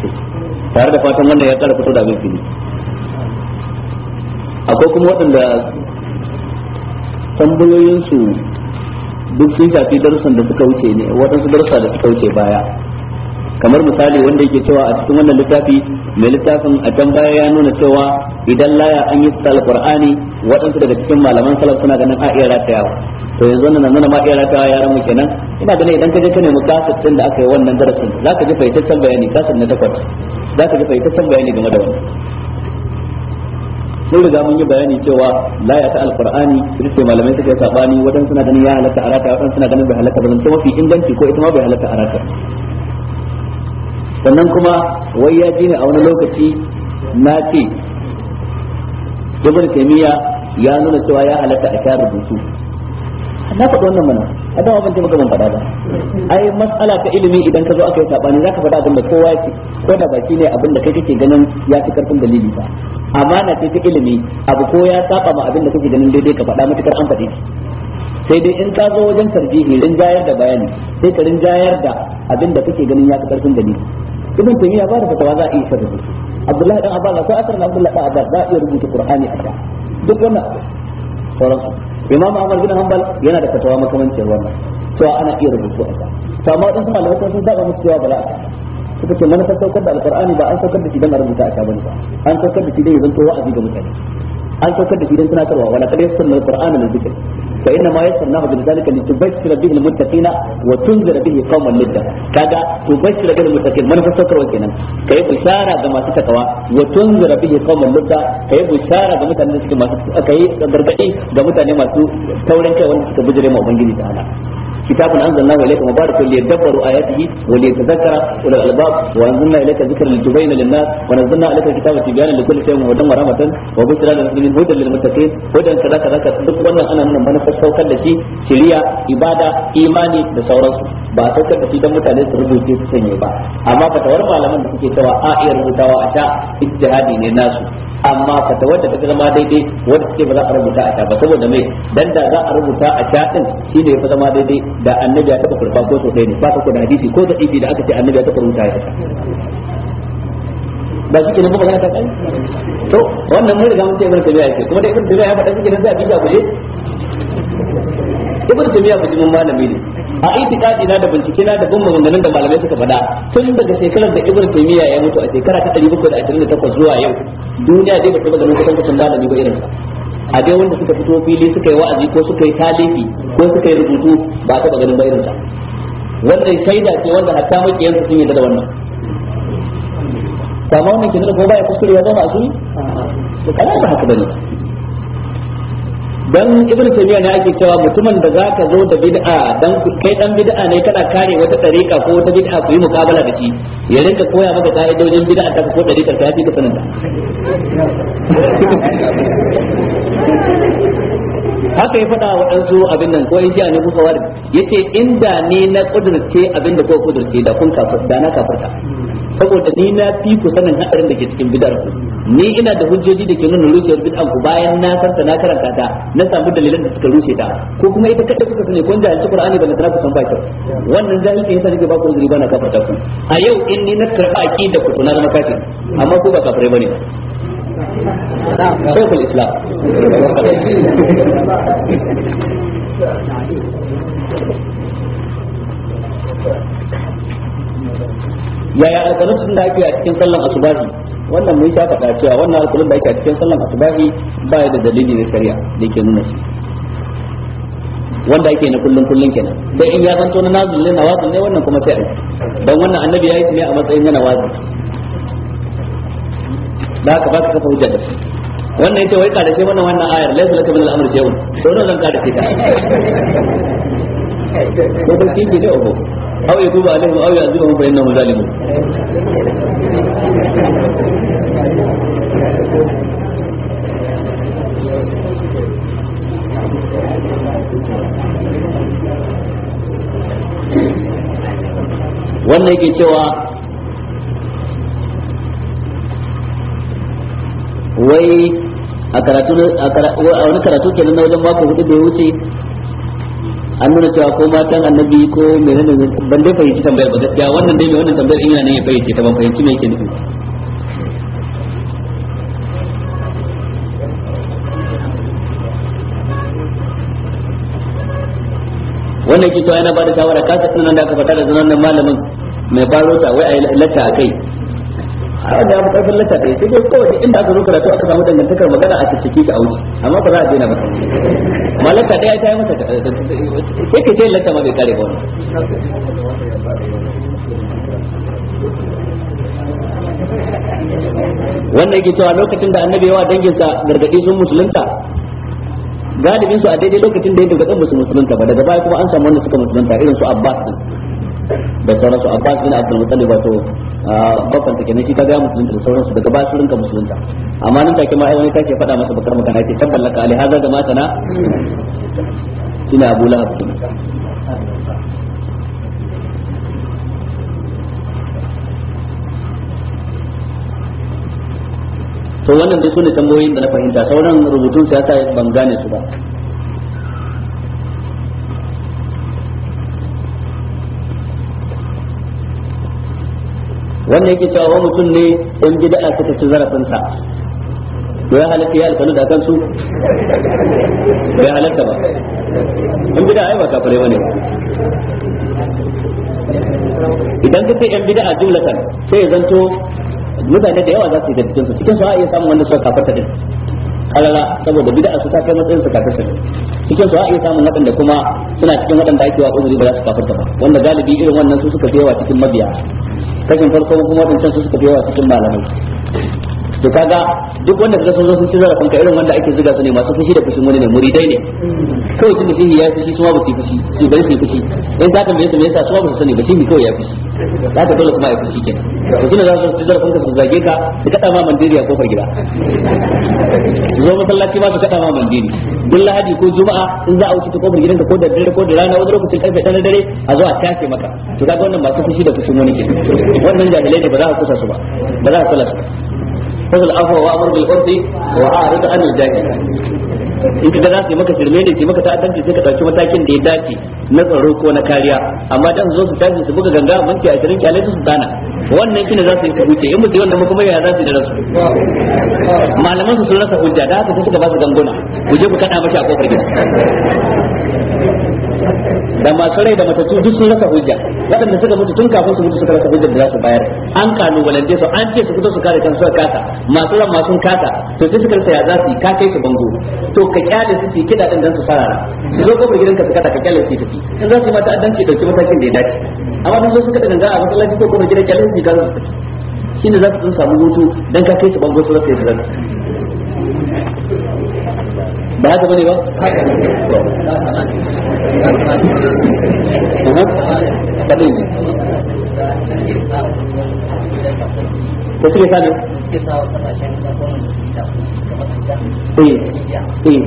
tare da fatan wannan ya tsara fito da abin fili akwai kuma waɗanda tambayoyinsu duk sun shafi darussan da suka wuce ne waɗansu darussa da suka wuce baya kamar misali wanda yake cewa a cikin wannan littafi mai littafin a can baya ya nuna cewa idan laya an yi ta alqur'ani waɗansu daga cikin malaman salaf suna ganin a iya ratayawa to yanzu nan nuna ma iya ratayawa yaran mu kenan ina ganin idan ka je ka nemi kasar din da aka yi wannan darasin zaka ji faitaccen bayani kasar na takwas zaka ji faitaccen bayani game da wannan mun riga mun yi bayani cewa la ya ta alqur'ani sai malamai suke sabani wadan suna ganin ya halatta araka wadan suna ganin bai halatta ba to mafi inganci ko ita ma bai halatta araka sannan kuma wai ya ji ne a wani lokaci na ce ibn kemiya ya nuna cewa ya halatta a rubutu na faɗi wannan mana a dama ban maka ban faɗa ba ai matsala ta ilimi idan ka zo aka yi sabani zaka faɗa abin da kowa yake ko da baki ne abin da kai kake ganin ya fi karfin dalili ba amana ce ta ilimi abu ko ya saba ma abin da kake ganin daidai ka faɗa matukar an faɗi sai dai in ka zo wajen tarjihi jayar da bayani sai ka rinjayar da abin da kake ganin ya fi karfin dalili ibn taymiya ba da fatawa za a iya sarrafa abdullahi dan abbas ko asar na abdullahi dan abbas za a iya rubuta qur'ani a ta duk wannan abu. imam ahmad bin hanbal yana da fatawa makamancin wannan to ana iya rubutu a ta amma wadansu malamai sun saba musu cewa bala suka ce mana saukar da alqur'ani ba an saukar da shi dan a rubuta a bane ba an saukar da shi dan yanzu to wa'azi ga mutane an saukar da shi dan tunatarwa wala kadai yassarna qur'ani lil dhikr fa inna ma na bi dhalika litubashshira bihi almuttaqina wa tunzira bihi qauman lidda kaga tubashshira bil muttaqin man fa sakarwa kenan kai bishara ga masu takawa wa tunzira bihi qauman lidda kai bishara ga mutanen da suke masu kai gargadi ga mutane masu taurin kai wanda suka bijire ma ubangiji ta'ala kitabun anzalnahu ilayka mubarakun liyadabbaru ayatihi wa liyatadhakkara ulul albab wa anzalna ilayka dhikra litubayyana lin-nas wa nazzalna ilayka kitaba tibyana likulli shay'in hudan wa rahmatan wa bushra lil muslimin hudan lil muttaqin hudan kaza kaza duk wannan ana nuna manufar saukar da shi shiriya ibada imani da sauransu ba a saukar da shi don mutane su rubuce su sanye ba amma fatawar malaman da suke cewa a iya rubutawa a sha ijtihadi ne nasu amma fatawar da ta zama daidai wanda suke ba za a rubuta a sha ba saboda mai dan da za a rubuta a sha din shine ya fi zama daidai da annabi ya taba kurfa ko so ne ba ka ko da hadisi ko da ibi da aka ce annabi ya taba rubuta ya ta ba shi kenan ba magana ta kai to wannan mun riga mun ce ibn tabiya yake kuma da ibn tabiya ya faɗa shi kenan sai a bi ku je ibn tabiya ba ji malami ne a itikadi na da bincike na da bin maganganun da malamai suka faɗa tun daga shekarar da ibn taymiya ya mutu a shekara ta 728 zuwa yau duniya dai ba ta maganin kusan kusan malami ba sa a dai wanda suka fito fili suka yi wa'azi ko suka yi talifi ko suka yi rubutu ba ta ganin ba irin ta wannan shaida ce wanda hatta makiyan sun yi da wannan kama wannan kinan ko baya kuskure ya zama asuni to kana ba haka bane dan ibn taymiya ne ake cewa mutumin da zaka zo da bid'a dan kai dan bid'a ne kada kare wata dariƙa ko wata bid'a ku yi mukabala da shi ya rinka koya maka ka'idojin bid'a ta ko dariƙar ta fi ka sanin haka ya faɗa waɗansu abin nan ko in ji ne kuka wari ce inda ni na ƙudurce abin da ko ƙudurce da kun da na kafarta saboda ni na fi ku sanin haɗarin da ke cikin bid'ar ku ni ina da hujjoji da ke nuna rushewar bidan ku bayan na karta na karanta ta na samu dalilan da suka rushe ta ko kuma ita kaɗai kuka sani ko da alƙur'ani Qur'ani ba na ku san ba kyau wannan jahilci yasa nake ba ku uzuri ba na kafarta ku a yau in ni na karɓa aƙi da ku to na zama kafir amma ko ba kafirai ne شيخ الإسلام yaya alƙalin da ake a cikin sallan asubahi wannan mun sha faɗa cewa wannan alƙalin da ake a cikin sallan asubahi ba ya da dalili na shari'a da ke nuna shi wanda ake na kullum kullum kenan dan in ya zanto na nazil ne nawazil ne wannan kuma sai a dan wannan annabi ya yi ne a matsayin yana da haka ba ka kafa hujja da shi wannan yace wai kada kadace mana wannan ayar laysa laka min al-amr shay'un to nan zan kada kadace ta ko ba kike da obo aw yatubu alaihim aw yu'adhibuhum fa innahum zalimun wannan yake cewa wai a karatu wani karatu kenan na wajen mako hudu da ya wuce an nuna cewa ko matan annabi ko menene ban dai fahimci tambayar ba gaskiya wannan dai mai wannan tambayar in yana ne ya fahimce ta ban fahimci me yake nufi wannan ke cewa na ba da shawara kasa tunan da aka faɗa da zunan malamin mai baro ta wai a yi lacca a kai a wanda ya bukar fallata ɗaya sai dai kowace inda aka zo karatu aka samu dangantakar magana a cikin shi a wuce amma ba za a daina ba malaka ɗaya ta yi masa sai ka ce lata ma bai kare ba wani wannan yake cewa lokacin da annabi yawa danginsa gargadi sun musulunta galibin su a daidai lokacin da ya gargaɗin musu musulunta ba daga baya kuma an samu wanda suka musulunta irin su abbas din da sauransu abbas din abdul muttalib wato bakon take ne shi ta gaya musulunta da sauransu daga ba su rinka musulunta amma nan take ma ai wani take faɗa masa bakar magana ce tabbal laka ali haza da matana ina abu lahab kuma. to wannan dai sune tambayoyin da na fahimta sauran rubutun siyasa ban gane su ba wannan yake cewa wani mutum ne in bid'a suka ci zarafinsa to ya halatta ya alƙalu da kansu bai halatta ba in bid'a ai ba kafare bane idan ka ce yan bid'a jumlatan sai ya zanto mutane da yawa za su yi da cikin su cikin su a iya samun wanda suka kafarta din alala saboda bid'a su ta kai matsayin su kafirta cikin su a iya samun waɗanda kuma suna cikin waɗanda ake wa uzuri ba za su kafirta ba wanda galibi irin wannan su suka fi cikin mabiya kashin farko kuma waɗancan su suka fiyawa cikin malamai to kaga duk wanda kaga sun zo sun ci zarafin ka irin wanda ake zuga su ne masu fushi da fushin wani ne muridai ne kawai tun shi ya fushi su ma ba su fushi su bari su fushi in zaka me su me yasa su ma ba su sani ba shi ne kawai ya fushi zaka dole kuma ya fushi kenan to suna za su ci zarafin ka su zage ka su kada ma mandiri kofar gida zo masallaci ba su kada ma mandiri duk lahadi ko juma'a in za a wuce ta kofar gidanka ko da dare ko da rana wani lokacin karfe ɗan dare a zo a tashi maka to kaga wannan masu fushi da fushin wani kenan wannan jahilai ne ba za a kusa su ba ba za a kula su fazal afwa wa amr bil urfi wa a'rid an al jahi in ka za su yi maka shirme ne su maka ta'addanci sai ka ɗauki matakin da ya dace na tsaro ko na kariya amma dan zo su tashi su buga ganga minti 20 kyale su dana wannan kina za su yi kabuce in mutu wannan kuma ya za su da rasu malaman su sun rasa hujja da haka sai suka ba su ganguna ku je ku kada mashi a kofar gida da masu rai da matattu duk sun rasa hujja waɗanda suka mutu tun kafin su mutu suka rasa hujjar da za su bayar an walande su an ce su fito su kare kansu kasa masu ran masu kasa to sai suka rasa ya za su ka kai su bango to ka kyale su ci kida din dan su sarara su zo kofar gidanka su kada ka kyale su tafi in za su yi mata addanci dauki matakin da ya dace amma dan so suka dangana a masallaci ko kuma gidan kyale su ka zo su tafi shine za su samu hutu dan ka kai su bango su rasa ya ba haka bane ba ko suke sa ne eh, eh.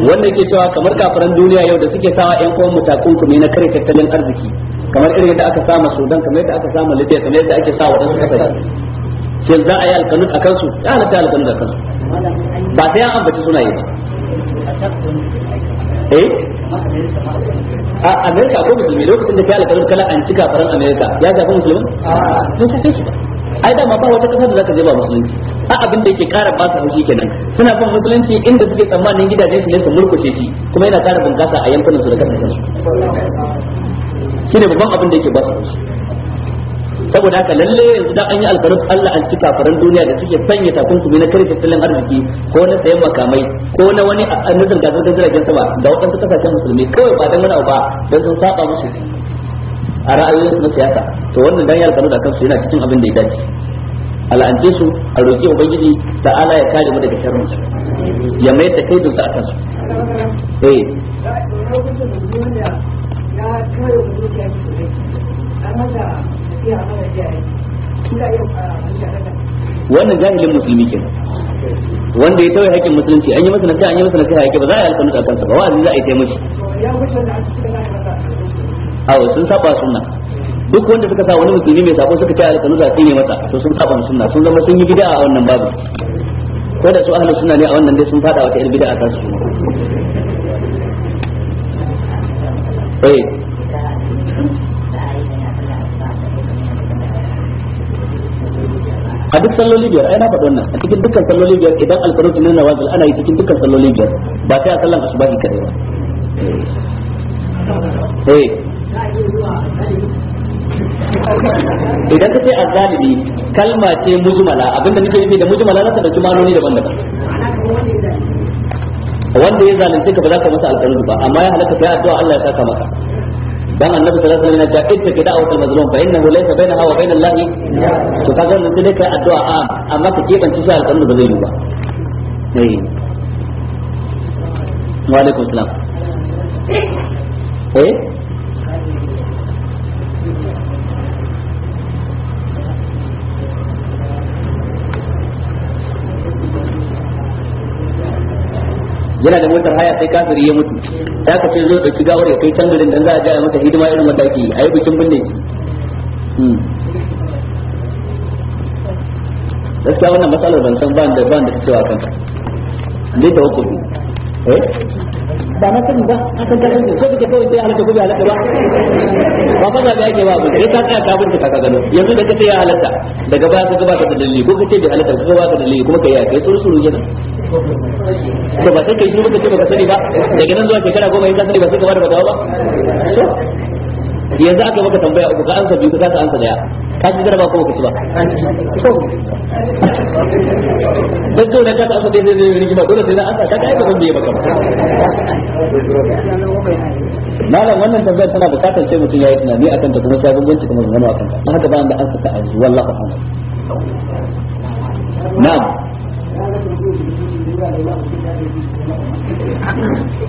wannan ke cewa kamar kafiran duniya yau da suke sawa yan kowa mu kuma na kare tattalin arziki kamar irin yadda aka sama Sudan kamar yadda aka sama Libya kamar yadda ake sawa waɗansu kasashe shin za a yi alkanun a kansu ya halatta alkanun a kansu ba sai an ambaci sunaye ba eh a amerika ko musulmi lokacin da ta alƙalin kala an cika faran amerika ya shafi musulmi sun shafe shi ba ai ma ba wata kasar da zaka je ba musulunci a abin da yake ƙara ba su haushi kenan suna bin musulunci inda suke tsammanin gidajen su ne su murkushe shi kuma yana kara bunƙasa a yankunan su da kasashen su ne babban abin da yake ba su haushi saboda haka lalle yanzu da an yi alkarus Allah an ci kafaran duniya da suke sanya takunkumi na karfe tattalin arziki ko na sayan makamai ko na wani annuzin gasar da jiragen sama da wadansu kasashen musulmi kawai ba dan wani ba dan sun saba musu a ra'ayoyin na siyasa to wannan dan yar da kansu yana cikin abin da ya dace al'ance su a roƙi ubangiji da ala ya kare mu daga sharrin su ya mayar da kaidun su akan eh ya kare mu daga sharrin wannan jahilin musulmi ke wanda ya tauye hakkin musulunci an yi masa nasiha an yi masa nasiha yake ba za a yi alƙalu da kansa ba wa'azi za a yi taimaki. a sun saba sunna duk wanda suka sa wani musulmi mai sabo suka kai alƙalu da sun yi masa to sun saba sunna sun zama sun yi bid'a a wannan babu ko da su ahlus sunna ne a wannan dai sun fada wata irin bid'a a su eh a duk salloli biyar ai na faɗi wannan a cikin dukkan salloli biyar idan alfarud ne na wazil ana yi cikin dukkan salloli biyar ba sai a sallan asubahi kare ba eh. idan ka ce zalibi kalma ce mujmala abinda nake nufi da mujmala na ta dauki manoni daban-daban wanda ya zalunce ka ba za ka masa alfarud ba amma ya halaka kai addu'a Allah ya saka maka dan annabi sallallahu alaihi wasallam ya ce ittaki da'watul mazlum fa innahu laysa bainaha wa bainal lahi to kaga wannan sai kai addu'a a amma ka kebanci shi alƙalmi ba zai yi ba eh wa alaikum salam eh yana da motar haya sai kafiri ya mutu sai ka ce zo da ki gawar ya kai can garin dan za a gaya mata hidima irin wanda ake yi a yi bikin binne hmm. gaskiya wannan matsalar ban san ban da ban da cewa kanta ne da hukumi eh ba na sani ba hakan ta sani ko kike kawai sai halatta gobe halatta ba ba fa ga yake ba mun ka tsaya ka bincika ka gano yanzu da kace ya halatta daga baya ka gaba ka da dalili ko kace bai halatta ko ba ka dalili kuma kai ya kai suru suru kenan to ba sai kai shiru baka ce baka sani ba daga nan zuwa shekara goma in ka sani ba sai ka bada fatawa ba yanzu aka baka tambaya uku ka ansa biyu ka kasa ansa daya ka ci jaraba ko baka ci ba dan dole ka kasa dai dai dai rigima dole sai na ansa ka kai ba zan biye maka malam wannan tambayar tana bukatar sai mutum yayi tunani akan ta kuma sai bambanci kuma zama akan ta haka ba da ansa ta azu wallahi na'am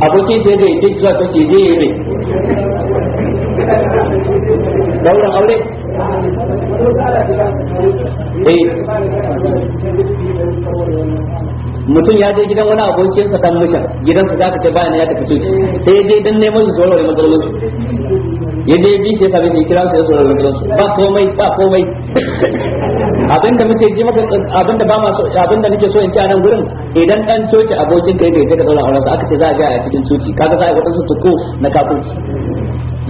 abokin sai zai duk zuwa kake zai yi ne daurin aure eh. mutum ya je gidan wani abokinsa dan gidan gidansa za ka ce bayan ya tafi soki sai ya dan neman su tsoron matsalolin ya je bi sai sabi sai kira su ya tsoron matsalolin ba komai ba komai abinda muke ji maka abinda ba masu abinda nake so in ci a nan gurin idan dan coci abokin kai bai je ka auren sa aka ce za a ga a cikin coci kaga za a wata su tuko na kafirci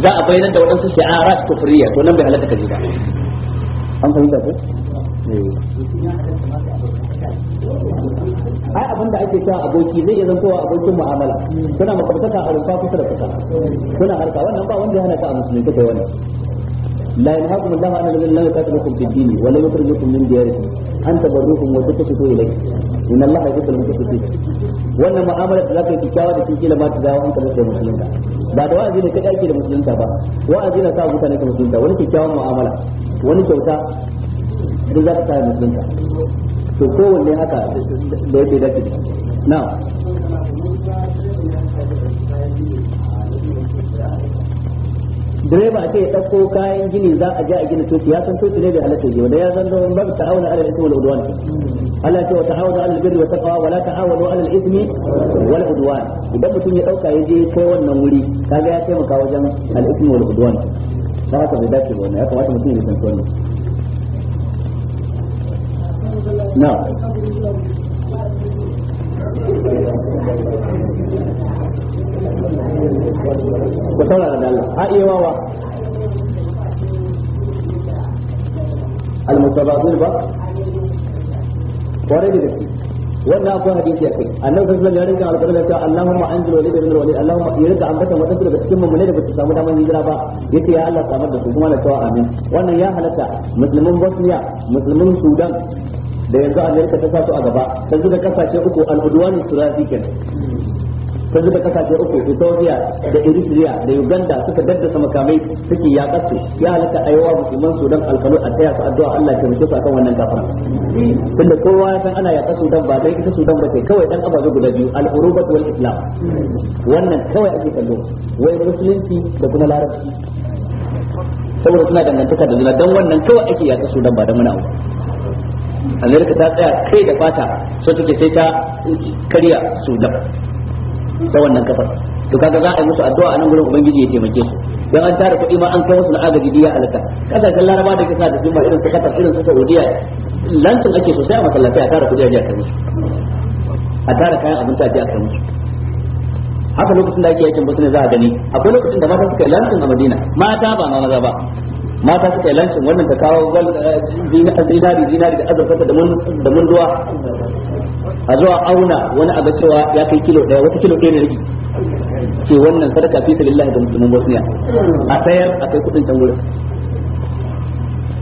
za a bayyana da wadansu shi'arat kufriya to nan bai halatta ka ji ba an fahimta ko eh. ai abin da ake cewa aboki zai iya zantowa abokin mu'amala kuna makwabtaka a rufa kusa da kusa kuna harka wannan ba wanda ya hana ka a musulunci kai wani لا ينهاكم الله عن الذين لا يقاتلكم في الدين ولا يخرجكم من دياركم أن تبروهم وتقسطوا إليه إن الله يحب المقسطين وأن معاملة لا في كاوة في كلا ما تداوى أنت مثل المسلمين بعد وأزينا كده أكيد المسلمين تابع وأزينا تابع كانك مسلمين وأنا في كاوة معاملة وأنا كوتا رزاق تابع مسلمين to kowanne haka da yake da na'am direba a ce ya ɗauko kayan gini za a je a gina toci ya san toci ne bai halatta yi wanda ya san don babu ta'awuna ala ismi wal udwan Allah ce wa ta'awuna ala al-birri wa taqwa wa la ta'awunu ala ismi wal udwan idan mutum ya ɗauka ya je kai wannan wuri kaga ya taimaka wajen al ismi wal udwan ba haka bai dace ba wannan ya kamata mutum ya san wannan na'am ku saurara da Allah a iya wawa al-mutabazir ba kwarai da gaske wannan akwai hadisi akai annabi sallallahu alaihi wasallam ya rinka alƙur'ani cewa Allahumma anzil walid ibn walid Allahumma ya rinka ambata wadansu daga cikin mummune da bata samu daman hijira ba yace ya Allah samar da su kuma na cewa amin wannan ya halatta musulmin Bosnia musulmin Sudan da yanzu Amerika ta sa su a gaba ta zuga kasashe uku al-udwan surafi kenan ta zuba kasashe uku Ethiopia da Eritrea da Uganda suka daddasa makamai suke ya kasu ya halaka ayowa musulman Sudan alkalu a taya su addu'a Allah ya mutu su akan wannan kafara tunda kowa ya san ana kasu Sudan ba dai ita Sudan ba kai kawai dan abazu guda biyu al-urubat wal islam wannan kawai ake kallo wai musulunci da kuma larabci saboda suna dangantaka da juna dan wannan kawai ake kasu Sudan ba da muna Amerika ta tsaya kai da fata so take sai ta karya Sudan ta wannan kafar to kaga za a yi musu addu'a nan gurin ubangiji ya taimake su dan an tara kuɗi ma an kai musu na agaji biya alaka kan laraba da kisa da su irin su kafar irin su saudiya lantin ake sosai a masallaci a tara kuɗi a jiya musu a tara kayan abinci a jiya kai musu haka lokacin da ake yakin ne za a gani akwai lokacin da mata suka yi lancin a madina mata ba ma maza ba mata suka yi lancin wannan ta kawo eh, zinari zinari da azurfata da mun ruwa a zuwa auna wani abu cewa ya kai kilo daya wata kilo ɗaya na rigi ce wannan sadaka fi sabilillah ga musulmin Bosnia a sayar a kai kudin can gurin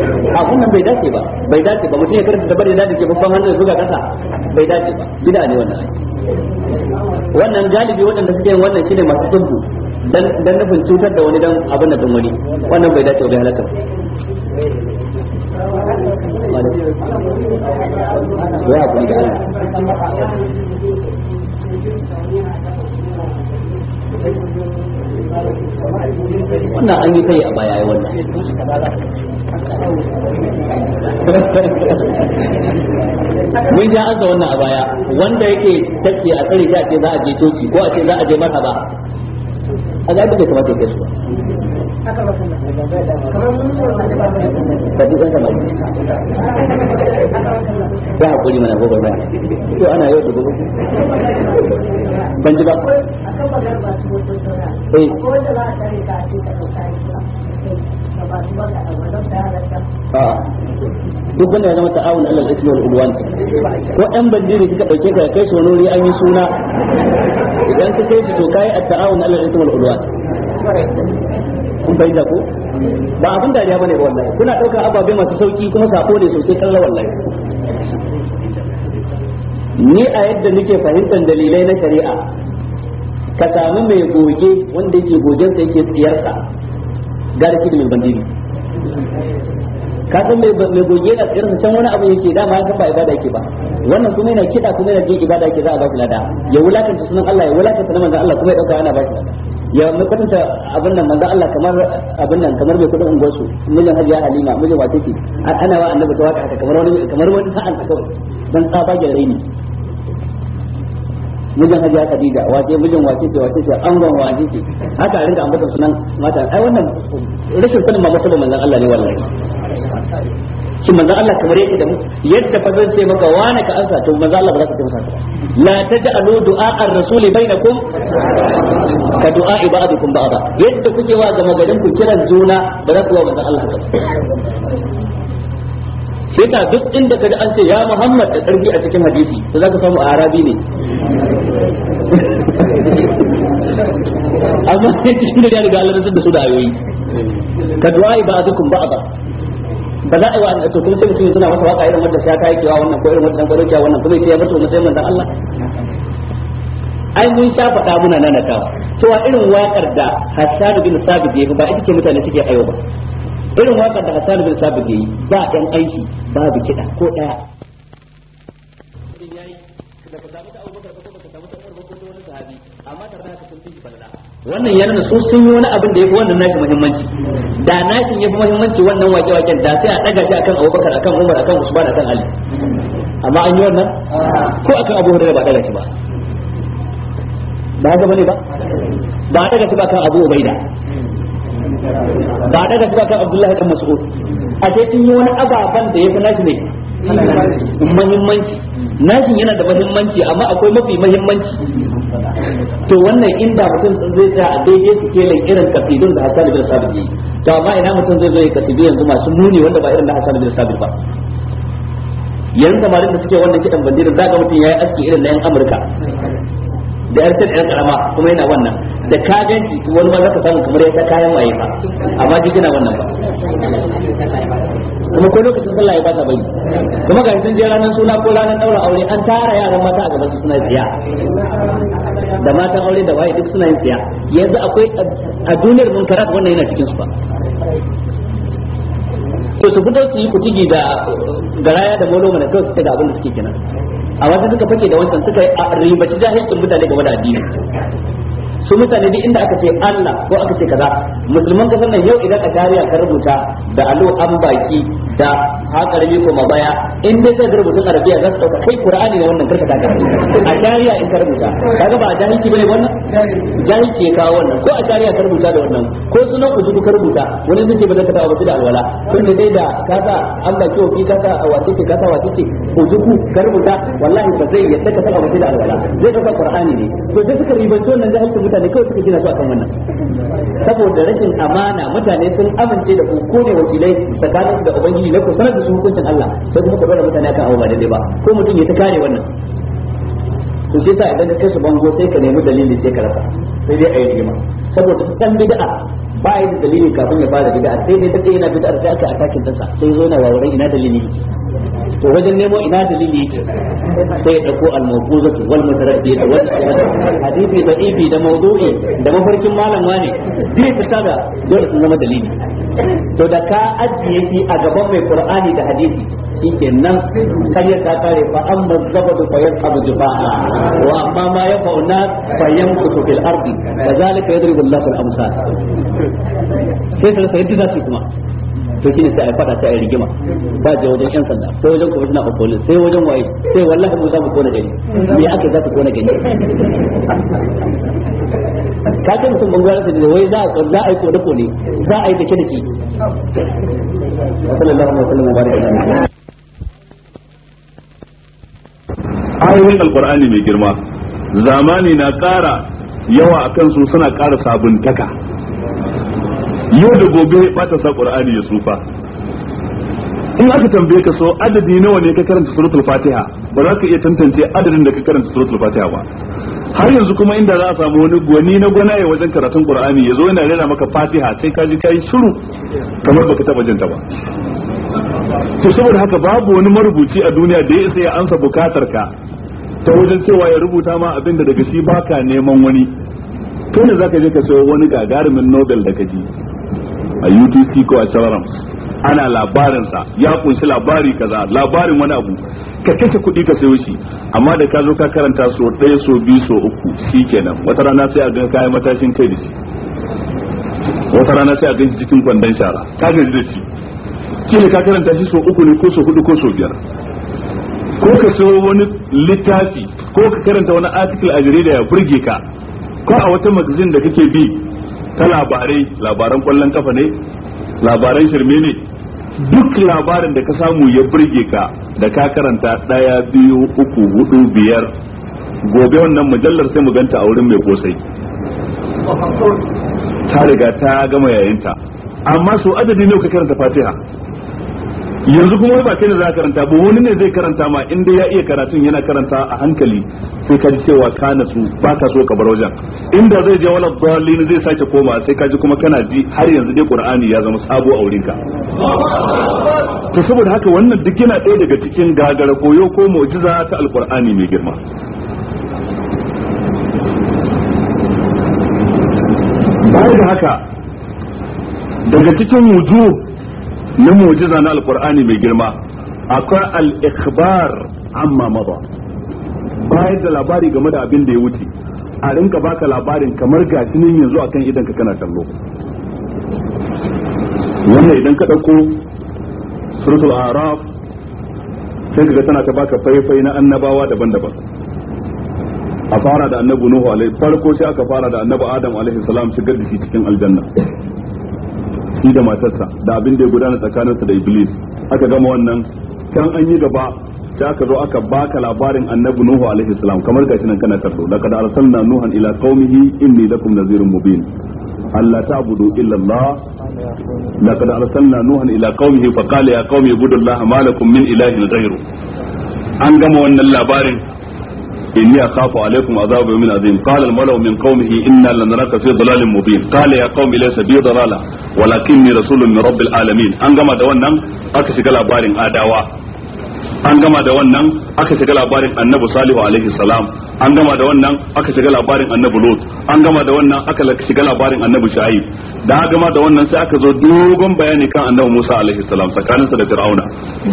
a wannan bai dace ba bai dace ba mutum ya karanta da bari da ke babban hannu zuga kasa bai dace ba bid'a ne wannan wannan galibi waɗanda suke yin wannan shine masu tsubbu dan nufin cutar da wani dan abin da din wani wannan bai dace ba bai halatta wannan an yi kai a baya yi wannan mun ja an wannan a baya wanda yake tafi a tsare ta ce za a je toki ko a ce za a je marhaba a ga duka kamata ya kai su ba duk zama ya haƙuri mana gobe ba to ana yau da gobe ban ji ba eh ah. duk wanda ya zama ta'awun Allah da ismi ulwan ko ɗan bandiri kika ɗauke ka kai shi wani an yi suna idan ka kai shi to kai at ta'awun Allah da ismi ulwan kun da ko ba abin dariya bane ba wallahi kuna daukar ababe masu sauki kuma sako ne sosai kalla wallahi ni a yadda nake fahimtar dalilai na shari'a ka samu mai goge wanda yake gogen sa yake tsiyarsa ga da mai bandiri ka san mai goge na tsiyarsa can wani abu yake dama ya san ba ibada yake ba wannan kuma yana kiɗa kuma yana jin ibada yake za a ba shi lada ya wulakanta sunan Allah ya wulakanta na manzon Allah kuma ya dauka yana ba shi lada ya mun kwatanta abin nan manzo Allah kamar abin nan kamar mai kudin unguwar su mijin hajiya halima miliyan wata ce ana wa annabi ta waka kamar wani kamar wani sa'an ta kawai dan tsabagen raini mijin hajiya khadija wace mijin wace ce wace ce angon wace ce haka a rinka ambata sunan mata ai wannan rashin sanin ma musulman manzon Allah ne wallahi shi manzo Allah kamar yake da mu yadda fa zan ce maka wani ka ansa to manzo Allah ba za ka ce masa la taj'alu du'a ar-rasuli bainakum ka du'a ibadikum ba'da yadda kuke wa ga magarin ku kiran juna ba za ku wa manzo Allah ba sai ta duk inda kaji an ce ya Muhammad da karfi a cikin hadisi to za ka samu a arabi ne amma sai cikin da ya riga Allah da su da ayoyi ka du'a ibadikum ba'da ba za a yi wa to kuma sai mutum suna masa waka irin wanda shata yake wa wannan ko irin wanda gwaro kiyawa wannan kuma sai ya mutu musayin manzon Allah ai mun sha faɗa muna to a irin wakar da Hassan bin Sabit yayi ba ita ce mutane suke ayo ba irin wakar da Hassan bin Sabit yayi ba dan aiki babu kiɗa ko ɗaya wannan ya nuna sun yi wani abin da ya fi wannan nashi muhimmanci da nashin ya fi muhimmanci wannan wake waken da sai a daga shi akan abubakar akan umar akan usman akan ali amma an yi wannan ko akan abu da ba daga shi ba ba ga bane ba ba daga shi ba kan abu ubaida ba daga shi ba kan abdullahi dan mas'ud a sai sun yi wani ababan da ya fi nashi ne muhimmanci nashin yana da muhimmanci amma akwai mafi muhimmanci to wannan inda mutum zai tsaya a daidai su kelan irin kafidun da hasali bin sabir yi to amma ina mutum zai zo ya kasibi yanzu masu muni wanda ba irin da hasali bin sabir ba yanzu samarin da suke wannan kiɗan bandirin za ga mutum yayi aski irin na yan Amurka da yar sai yar karama kuma yana wannan da ka ganci wani za ka samu kamar yadda kayan waye ba amma gina wannan ba kuma ko lokacin sallah ya bata bai kuma ga sun je ranar suna ko ranar daura aure an tara yaran mata a gaban su suna tsiya da matan aure da waye duk suna yin tsiya yanzu akwai a duniyar munkarat wannan yana cikin su ba. to su fito su yi kutigi da garaya da molo mana kawai su da abin da suke kenan a wasu suka fake da wancan suka ribaci jahilcin mutane game da addini su mutane duk inda aka ce Allah ko aka ce kaza musulman kasar nan yau idan a tariya ka rubuta da alo an baki da hakarami ko mabaya in dai sai rubutun arabiya za su dauka kai qur'ani ne wannan karka daga a tariya in ka rubuta kaga ba jahilci bane wannan jahilci ya kawo wannan ko a tariya ka rubuta da wannan ko sunan ujubu ka rubuta wani zai ce ba zai ka tawo da alwala kun da dai da kasa an baki ko fi kasa a wace ce kasa wace ce ujubu ka rubuta wallahi ba zai yadda ka tawo da alwala zai dauka qur'ani ne to dai suka ribanci wannan jahilci mutane kawai suka gina su akan wannan saboda rashin amana mutane sun amince da ko ne wakilai tsakanin da ubangiji na ku sanar da su hukuncin Allah sai kuma kabar mutane akan abu ba daidai ba ko mutum ya ta kare wannan to sai sa idan ka su bango sai ka nemi dalili sai ka rasa sai dai a yi saboda dan bid'a ba yi da dalili kafin ya fara bid'a sai dai take yana bid'a sai aka atakin sa sai zo na wawurai ina dalili to wajen nemo ina dalili yake sai ya dauko al-mawquzatu wal mutaraddiyatu wal hadithi da ibi da mawdu'i da mafarkin malam wane zai fita da dole sun zama dalili to da ka ajiye shi a gaban mai qur'ani da hadisi shikenan kariya ta kare fa amma zabadu fa yasabu jubaha wa amma ma yafa'u nas fa yamkutu fil ardi kadhalika yadribu Allahu al-amsal sai sai sai kuma to shi ne sai a fada sai a rigima ba je wajen yan sanda sai wajen kuma suna police sai wajen waye sai wallahi mu za mu kona gani me ake za ku kona gani ka ce mutum ban gwara da wai za a za a yi ko kone kone za a yi da dake sallallahu alaihi wasallam baraka ayoyin alqur'ani mai girma zamani na ƙara yawa akan su suna ƙara sabuntaka yau da gobe ba ta sa qur'ani ya tsufa in aka tambaye ka so adadi nawa ne ka karanta suratul fatiha ba za ka iya tantance adadin da ka karanta suratul fatiha ba har yanzu kuma inda za a samu wani gwani na gwanaye wajen karatun qur'ani yazo yana rera maka fatiha sai ka ji kai shiru kamar baka taba jinta ba to saboda haka babu wani marubuci a duniya da ya isa ya ansa bukatar ka ta wajen cewa ya rubuta ma abin da daga shi baka neman wani kai ne ka je ka sayo wani gagarumin nobel da ka ji. a UTC ko a Shawarams ana labarinsa ya kunshi labari kaza labarin wani abu ka kashe kuɗi ka sayo shi amma da ka zo ka karanta so ɗaya so biyu so uku shikenan wata rana sai a ga kayan matashin kai da shi wata rana sai a ga cikin kwandon shara ka gaji da shi kila ka karanta shi so uku ne ko so hudu ko so biyar ko ka sayo wani littafi ko ka karanta wani article a jarida ya burge ka ko a wata magazin da kake bi ta labarai labaran kwallon kafa ne labaran shirme ne duk labarin da ka samu ya burge ka da ka karanta ɗaya biyu uku hudu biyar gobe wannan mujallar sai mu ganta a wurin mai kosai ta riga ta gama yayinta amma su adadi ne ka karanta fatiha yanzu kuma ba kai ne za karanta ba wani ne zai karanta ma inda ya iya karatun yana karanta a hankali sai ka ji cewa ka nasu ba ka so ka bar wajen inda zai je wala dalilin zai sake koma sai ka ji kuma kana ji har yanzu dai qur'ani ya zama sabo a wurinka to saboda haka wannan duk yana ɗaya daga cikin gagara koyo ko mu'jiza ta alqur'ani mai girma baya da haka daga cikin wujub na mu'jiza na alqur'ani mai girma akwai al-ikhbar amma mada bayar da labari game da abin da ya wuce a rinka baka labarin kamar ga nan yanzu akan idan ka kana kallo wannan idan ka dauko suratul araf sai ga tana ta baka faifai na annabawa daban-daban a fara da annabi nuhu alaihi farko sai aka fara da annabi adam alaihi salam shigar da shi cikin aljanna shi da matarsa da abin da ya gudana tsakaninsa da iblis aka gama wannan kan an yi gaba sai aka zo aka baka labarin annabi nuhu alaihi salam kamar gashi nan kana tardo laqad arsalna nuhan ila qaumihi inni lakum nazirun mubin laqad arsalna nuhan ila qaumihi ya qaumi allaha ma lakum min ilahin ghayru an gama wannan labarin إني أخاف عليكم عذاب يوم عظيم قال الملأ من قومه إنا لنراك في ضلال مبين قال يا قوم ليس بي ضلالة ولكني رسول من رب العالمين أنجم دوانا أكسي قال بارين آداوا an gama da wannan aka shiga labarin annabi salihu alaihi salam an gama da wannan aka shiga labarin annabi lut an gama da wannan aka shiga labarin annabi shaib da aka gama da wannan sai aka zo dogon bayani kan annabi musa alaihi salam tsakaninsa da fir'auna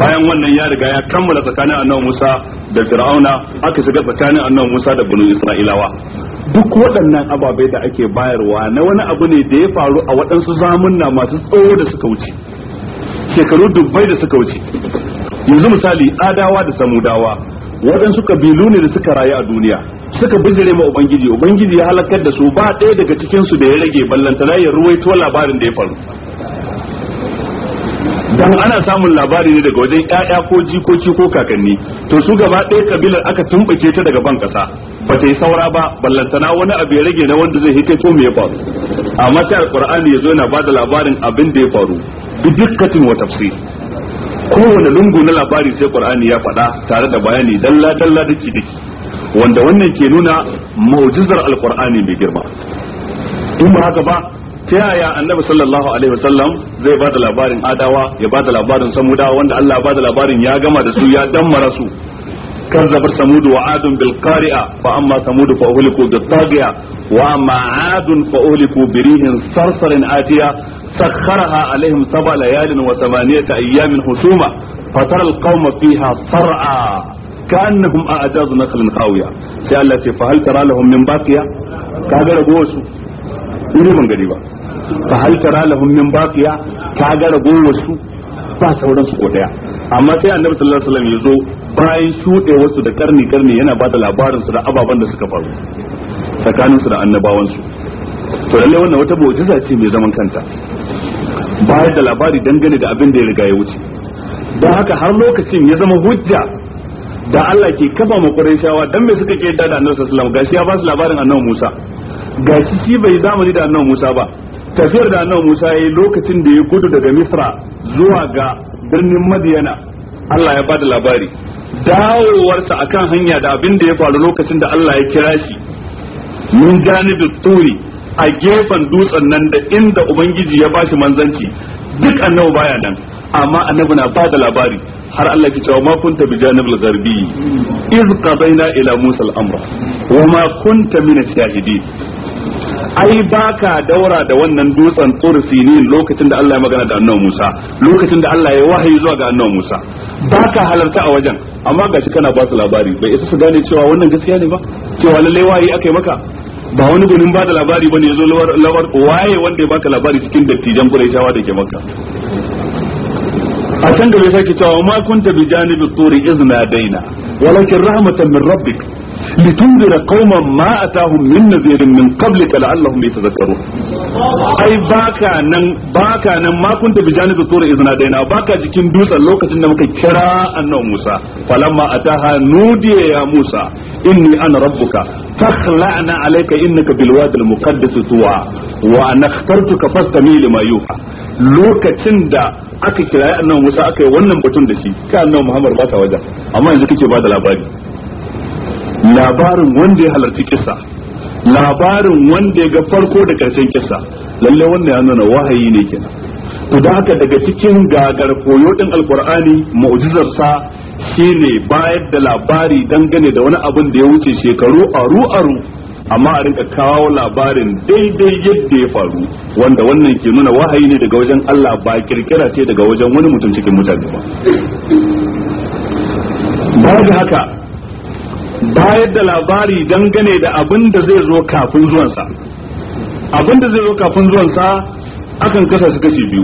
bayan wannan ya riga ya kammala tsakanin annabi musa da fir'auna aka shiga tsakanin annabi musa da banu isra'ilawa duk waɗannan ababai da ake bayarwa na wani abu ne da ya faru a waɗansu zamunna masu tsawo da suka wuce shekaru dubbai da suka wuce yanzu misali adawa da samudawa waɗansu kabilu ne da suka rayu a duniya suka bijire ma ubangiji ubangiji ya halakar da su ba ɗaya daga cikin su da ya rage ballantana ya ruwaito labarin da ya faru dan ana samun labari ne daga wajen ƴaƴa ko jikoki ko kakanni to su gaba ɗaya kabilar aka tumbake ta daga ban ƙasa ba ta yi saura ba ballantana wani abu ya rage na wanda zai hikaito me ya faru amma sai alqur'ani ya zo yana bada labarin abin da ya faru bi dukkatin wa tafsir kowane lungu na labari sai qur'ani ya faɗa tare da bayani dalla dalla dake dake wanda wannan ke nuna mu'jizar alqur'ani mai girma in ba haka ba ta yaya annabi sallallahu alaihi wasallam zai bada labarin adawa ya bada labarin samudawa wanda Allah ya da labarin ya gama da su ya dammara su كذبت ثمود وعاد بالقارئة فأما ثمود فأهلكوا بالطاغية وأما عاد فأهلكوا بريح صرصر آتية سخرها عليهم سبع ليال وثمانية أيام حسومة فترى القوم فيها صرعى كأنهم أعجاز نخل خاوية sai فهل ترى لهم من lahum min baqiya kaga rago su ni ban gari ba fahal tara lahum ba sauran su ko daya amma sai annabi sallallahu alaihi wasallam ya zo bayan shudewar su da karni karni yana ba da labarin su da ababan da suka faru tsakanin su da annabawan su to lalle wannan wata mu'jiza ce mai zaman kanta bayar da labari dangane da abin da ya riga ya wuce don haka har lokacin ya zama hujja da Allah ke kafa ma Qurayshawa dan me suka ke yadda da Annabi sallallahu alaihi wasallam gashi ya ba su labarin Annabi Musa gashi shi bai zamani da Annabi Musa ba tafiyar da Annabi Musa yayi lokacin da ya gudu daga Misra zuwa ga birnin madiyana Allah ya bada labari dawowarsa a kan hanya da abin da ya faru lokacin da Allah ya kira shi min janibin turi a gefen dutsen nan da inda ubangiji ya bashi manzanci duk annabi baya nan amma annabi na bada labari har Allah ke cewa ma kunta bi janibul gharbi iz qadaina ila musa al-amra wa ma kunta min ash-shahidin ai baka daura da wannan dutsen tursinin lokacin da Allah ya magana da annabi Musa lokacin da Allah ya wahayi zuwa ga annabi Musa baka halarta a wajen amma gashi kana ba su labari bai isa su gane cewa wannan gaskiya ne ba cewa lalle wahayi akai maka ba wani gunin ba da labari bane yazo lawar waye wanda ya baka labari cikin dattijan Quraishawa da ke maka. a can da sai sake cewa ma kunta bi janibi turi izna daina walakin rahmatan min rabbik litundira qauman ma atahum min nadhirin min qablika la'allahum yatadhakkarun ai baka nan baka nan ma kunta bi janibi sura izna baka jikin dutsen lokacin da muka kira annabi Musa falamma ataha nudiya ya Musa inni ana rabbuka fakhla'na alayka innaka bil wadi al muqaddas tuwa wa ana ikhtartuka fastami lima yuha lokacin da aka kira annabi Musa aka yi wannan batun da shi ka annabi Muhammad ba ta wajen amma yanzu kake ba da labari labarin wanda ya halarci kisa labarin wanda ya ga farko da karshen kisa lalle wannan ya nuna wahayi ne kenan to da haka daga cikin gagar koyo din alqur'ani mu'jizar sa shine bayar da labari dangane da wani abin da ya wuce shekaru aru aru amma a rinka kawo labarin daidai yadda ya faru wanda wannan ke nuna wahayi ne daga wajen Allah ba kirkira ce daga wajen wani mutum cikin mutane ba ba haka bayar da labari dangane da abin da zai zo kafin zuwansa abin da zai zo kafin zuwansa akan kasa su kashi biyu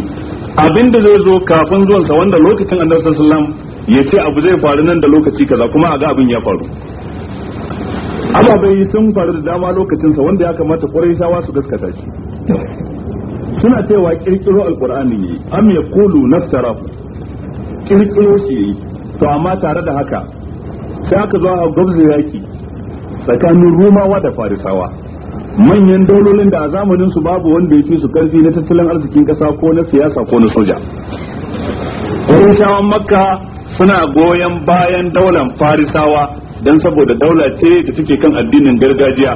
abin da zai zo kafin zuwansa wanda lokacin annabi sallallahu ya ce abu zai faru nan da lokaci kaza kuma a ga abin ya faru ababai sun faru da dama lokacinsa wanda ya kamata ƙwarai su gaskata shi suna cewa kirkiro alkur'ani ne am yaqulu naftarahu kirkiro shi to amma tare da haka sai aka zo a gabza yaki tsakanin rumawa da farisawa manyan daulolin da a zamanin su babu wanda ya fi su karfi na tattalin arzikin kasa ko na siyasa ko na soja farisawan makka suna goyon bayan daular farisawa don saboda daula ce da take kan addinin gargajiya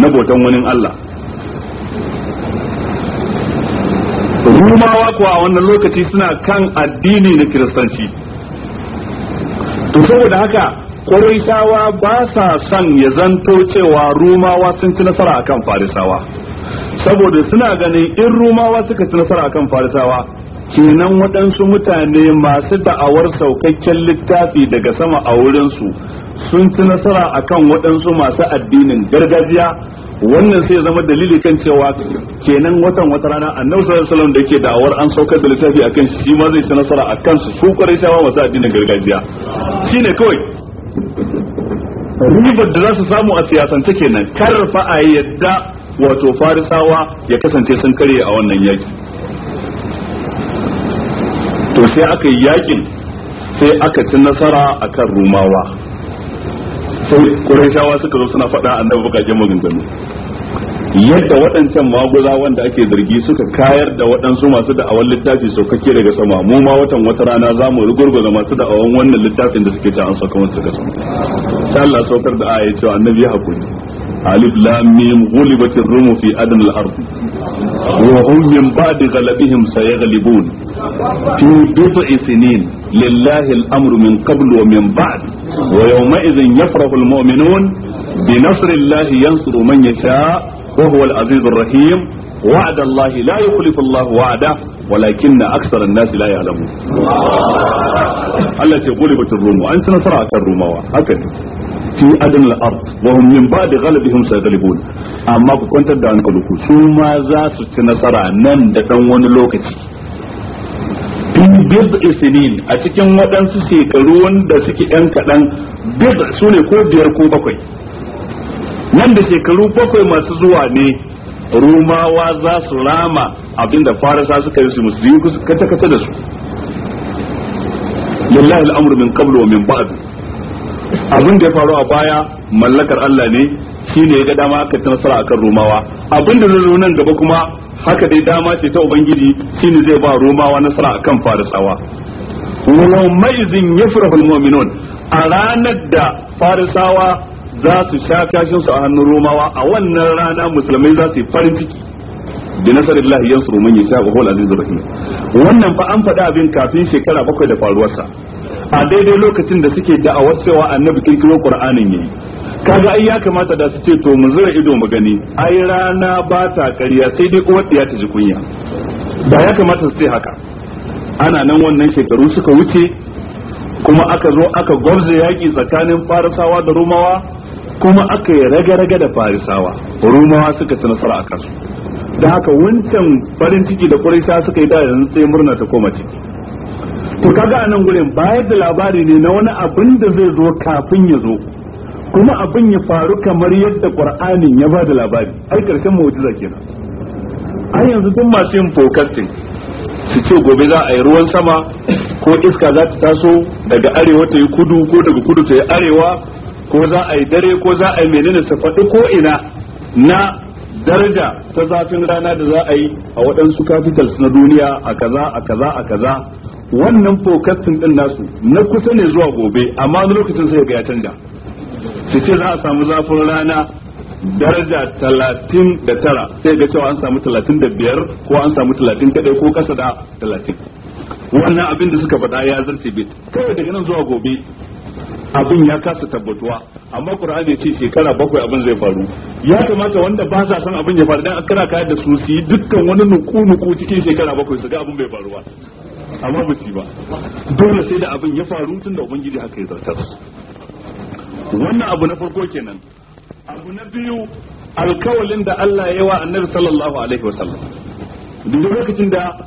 na botan wani allah rumawa kuwa a wannan lokaci suna kan addini na kiristanci to saboda haka kuraishawa ba sa son ya zanto cewa Rumawa sun ci nasara akan Farisawa saboda suna ganin in Rumawa suka ci nasara akan Farisawa kenan waɗansu mutane masu da'awar saukakken littafi daga sama a wurinsu sun ci nasara akan waɗansu masu addinin gargajiya wannan sai zama dalili kan cewa kenan watan wata rana annabi sallallahu alaihi da yake da'awar an saukar da littafi akan shi ma zai ci nasara akan su su kwarai shawa masu addinin gargajiya shi ne kawai ribar da za su samu a siyasance kenan karfa a yadda wato farisawa ya kasance sun karye a wannan yaki to sai aka yi yakin sai aka ci nasara a kan rumawa sai kurashawa suka zo suna faɗa annabi bukakin maganganu yadda waɗancan maguza wanda ake zargi suka kayar da waɗansu masu da'awar littafi saukake daga sama mu ma watan wata rana za mu rugurguza masu da'awan wannan littafin da suke ta an sauka wanda daga sama sai Allah saukar da aya cewa annabi ya hakuri alif lam mim ghulibatir rum fi adn al ard wa hum min ba'di ghalabihim sayaghlibun fi bid'i sinin lillahi al amru min qablu wa min ba'd wa yawma idhin yafrahu al mu'minun bi nasri allahi yansuru man yasha' وهو العزيز الرحيم وعد الله لا يخلف الله وعده ولكن أكثر الناس لا يعلمون الله تقول بت الروم أنت نصر الروم هكذا في أدنى الأرض وهم من بعد غلبهم سيغلبون أما كنت da hankalinku su ma za su ci nasara nan da ɗan wani lokaci in bid isinin a cikin waɗansu shekaru wanda suke ɗan kaɗan bid su ne ko biyar ko bakwai wanda shekaru bakwai masu zuwa ne rumawa za su rama abinda farasa suka yi su musulmi kata kata da su lillahi al'amur min qablu min ba'du abin da ya faru a baya mallakar Allah ne shine ya ga dama aka ta nasara akan rumawa Abinda da zai nan gaba kuma haka dai dama ce ta ubangiji shine zai ba rumawa nasara akan farisawa wa maizin zin al-mu'minun a ranar da farisawa za su sha kashin su a hannun romawa a wannan rana musulmai za su yi farin ciki bi nasarillahi yansuru man yasha wa huwal azizur rahim wannan fa an faɗa abin kafin shekara bakwai da faruwarsa a daidai lokacin da suke da'awar cewa annabi kirkiro qur'anin yayi kaga ai ya kamata da su ce to mu zura ido mu gani ai rana ba ta ƙarya sai dai uwar ta ji kunya da ya kamata su ce haka ana nan wannan shekaru suka wuce kuma aka zo aka gwamza yaƙi tsakanin farisawa da rumawa kuma aka yi rage rage da farisawa rumawa suka ci nasara a kansu da haka wancan farin ciki da sa suka yi da yanzu sai murna ta koma ciki to kaga a nan gurin bayar da labari ne na wani abin da zai zo kafin ya zo kuma abin ya faru kamar yadda ƙur'anin ya ba da labari ai karshen mu'jiza kenan ai yanzu duk masu yin forecasting su ce gobe za a yi ruwan sama ko iska za ta taso daga arewa ta yi kudu ko daga kudu ta yi arewa ko za a yi dare ko za a yi menene su faɗi ko ina na daraja ta zafin rana da za a yi a waɗansu capitals na duniya a kaza a kaza a kaza wannan forecasting din nasu na kusa ne zuwa gobe amma wani lokacin sai ga ya canja su ce za a samu zafin rana daraja talatin da tara sai ga cewa an samu talatin da biyar ko an samu talatin kadai ko kasa da talatin wannan abin da suka faɗa ya zarce bit kawai daga nan zuwa gobe abin ya kasa tabbatuwa amma ya ce shekara bakwai abin zai faru ya kamata wanda ba sa son abin ya faru dan akara kaya da su su yi dukkan wani nuku nuku cikin shekara bakwai su ga abin bai faru ba amma ba ba dole sai da abin ya faru tun da ubangiji haka ya zartar wannan abu na farko kenan abu na biyu alkawalin da Allah ya yi wa annabi sallallahu alaihi wasallam duk lokacin da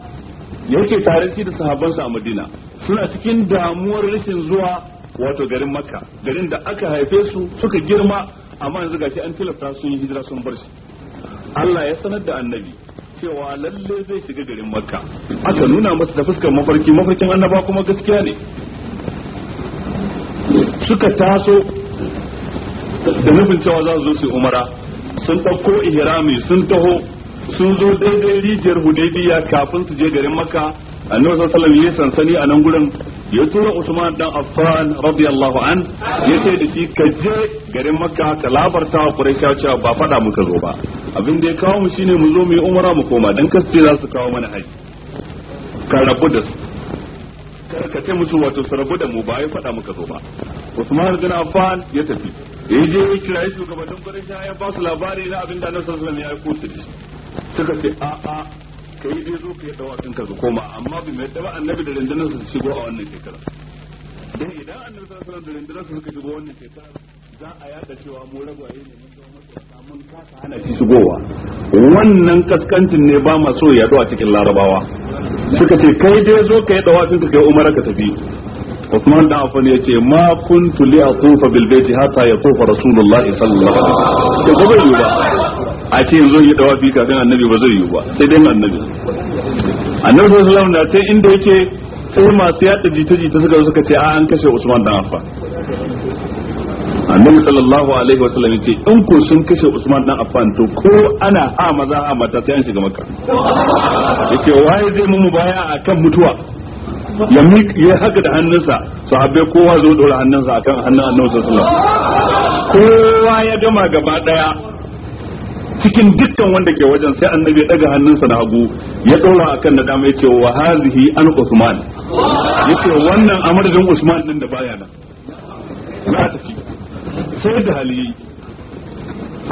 yake tare shi da sahabbansa a Madina suna cikin damuwar rashin zuwa wato garin makka garin da aka haife su suka girma amma yanzu gashi an tilasta sun yi hijira sun bar shi Allah ya sanar da annabi cewa lalle zai shiga garin makka aka nuna masa da fuskar mafarki mafarkin annaba kuma gaskiya ne suka taso da nufin cewa za su zo su umara sun ɗauko ihrami sun taho sun zo daidai rijiyar hudaybiya kafin su je garin makka annabi sallallahu alaihi wasallam sansani a nan gurin ya tura Usman dan Affan radiyallahu an yace da shi ka je garin Makka ka labarta wa Quraysh cewa ba fada muka zo ba abin da ya kawo mu shine mu zo mu yi umara mu koma dan kasance za su kawo mana haji ka rabu da su ka ce musu wato su rabu da mu ba ya fada muka zo ba Usman bin Affan ya tafi ya je ya kira shugabannin Quraysh ya ba su labari na abin da Annabi sallallahu alaihi wasallam ya aiko su suka ce a'a ka yi dai zo ka yi dawa ka koma amma bai mai daba annabi da rundunar su shigo a wannan shekara dan idan annabi sallallahu alaihi wasallam da rundunar su suka shigo wannan shekara za a yada cewa mu ragwaye ne mun zama matsorata mun kasa hana shi shigowa wannan kaskancin ne ba ma so ya a cikin larabawa suka ce kai dai zo ka yi dawa ka kai umara ka tafi Usman da Affan ya ce ma kuntu li atufa bil baiti hatta yatufa rasulullahi sallallahu alaihi wasallam bai yi ba a ce yanzu yi dawafi kafin annabi ba zai yi ba sai dai annabi annabi sallallahu alaihi wasallam da sai inda yake sai masu yadda jita-jita suka zo suka ce a an kashe Usman dan Affan annabi sallallahu alaihi wasallam yace in ko sun kashe Usman dan Affan to ko ana ha maza a mata sai an shiga makka yake waye zai mu baya akan mutuwa ya ya haka da hannunsa sahabbai kowa zo dora hannunsa akan hannun annabi sallallahu alaihi wasallam kowa ya gama gaba daya cikin dukkan wanda ke wajen sai annabi ya daga hannunsa na hagu ya dora akan na dama ya ce wa hazihi an usman ce wannan a madadin usman din da baya nan za tafi sai da hali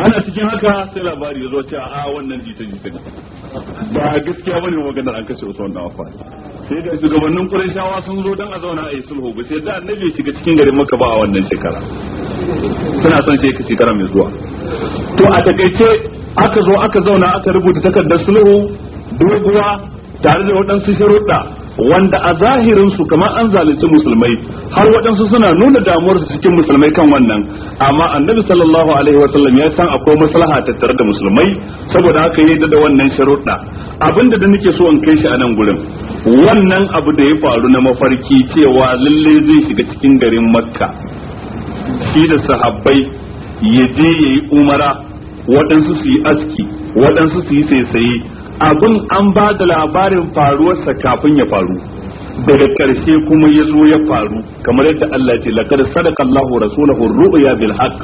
ana cikin haka sai labari ya zo ce a wannan jita jita ne ba gaskiya bane maganar an kashe usman dan wafa sai da shugabannin Qurayshawa sun zo dan a zauna a yi sulhu ba sai da annabi shiga cikin garin Makka ba a wannan shekara suna son shi shekara mai zuwa to a takaice aka zo aka zauna aka rubuta takardar sulhu doguwa tare da waɗansu sharuɗa wanda a zahirin su kamar an zalunci musulmai har waɗansu suna nuna damuwar su cikin musulmai kan wannan amma annabi sallallahu alaihi wa sallam ya san akwai maslaha tattare da musulmai saboda haka yi da wannan sharuɗa abinda da nake so in kai shi a nan gurin wannan abu da ya faru na mafarki cewa lalle zai shiga cikin garin makka shi da sahabbai ya je ya yi umara waɗansu su yi aski waɗansu su yi saisaye abin an ba da labarin faruwarsa kafin ya faru daga ƙarshe kuma ya zo ya faru kamar yadda Allah ce laqad sadaqa Allahu rasulahu ru'ya bil haqq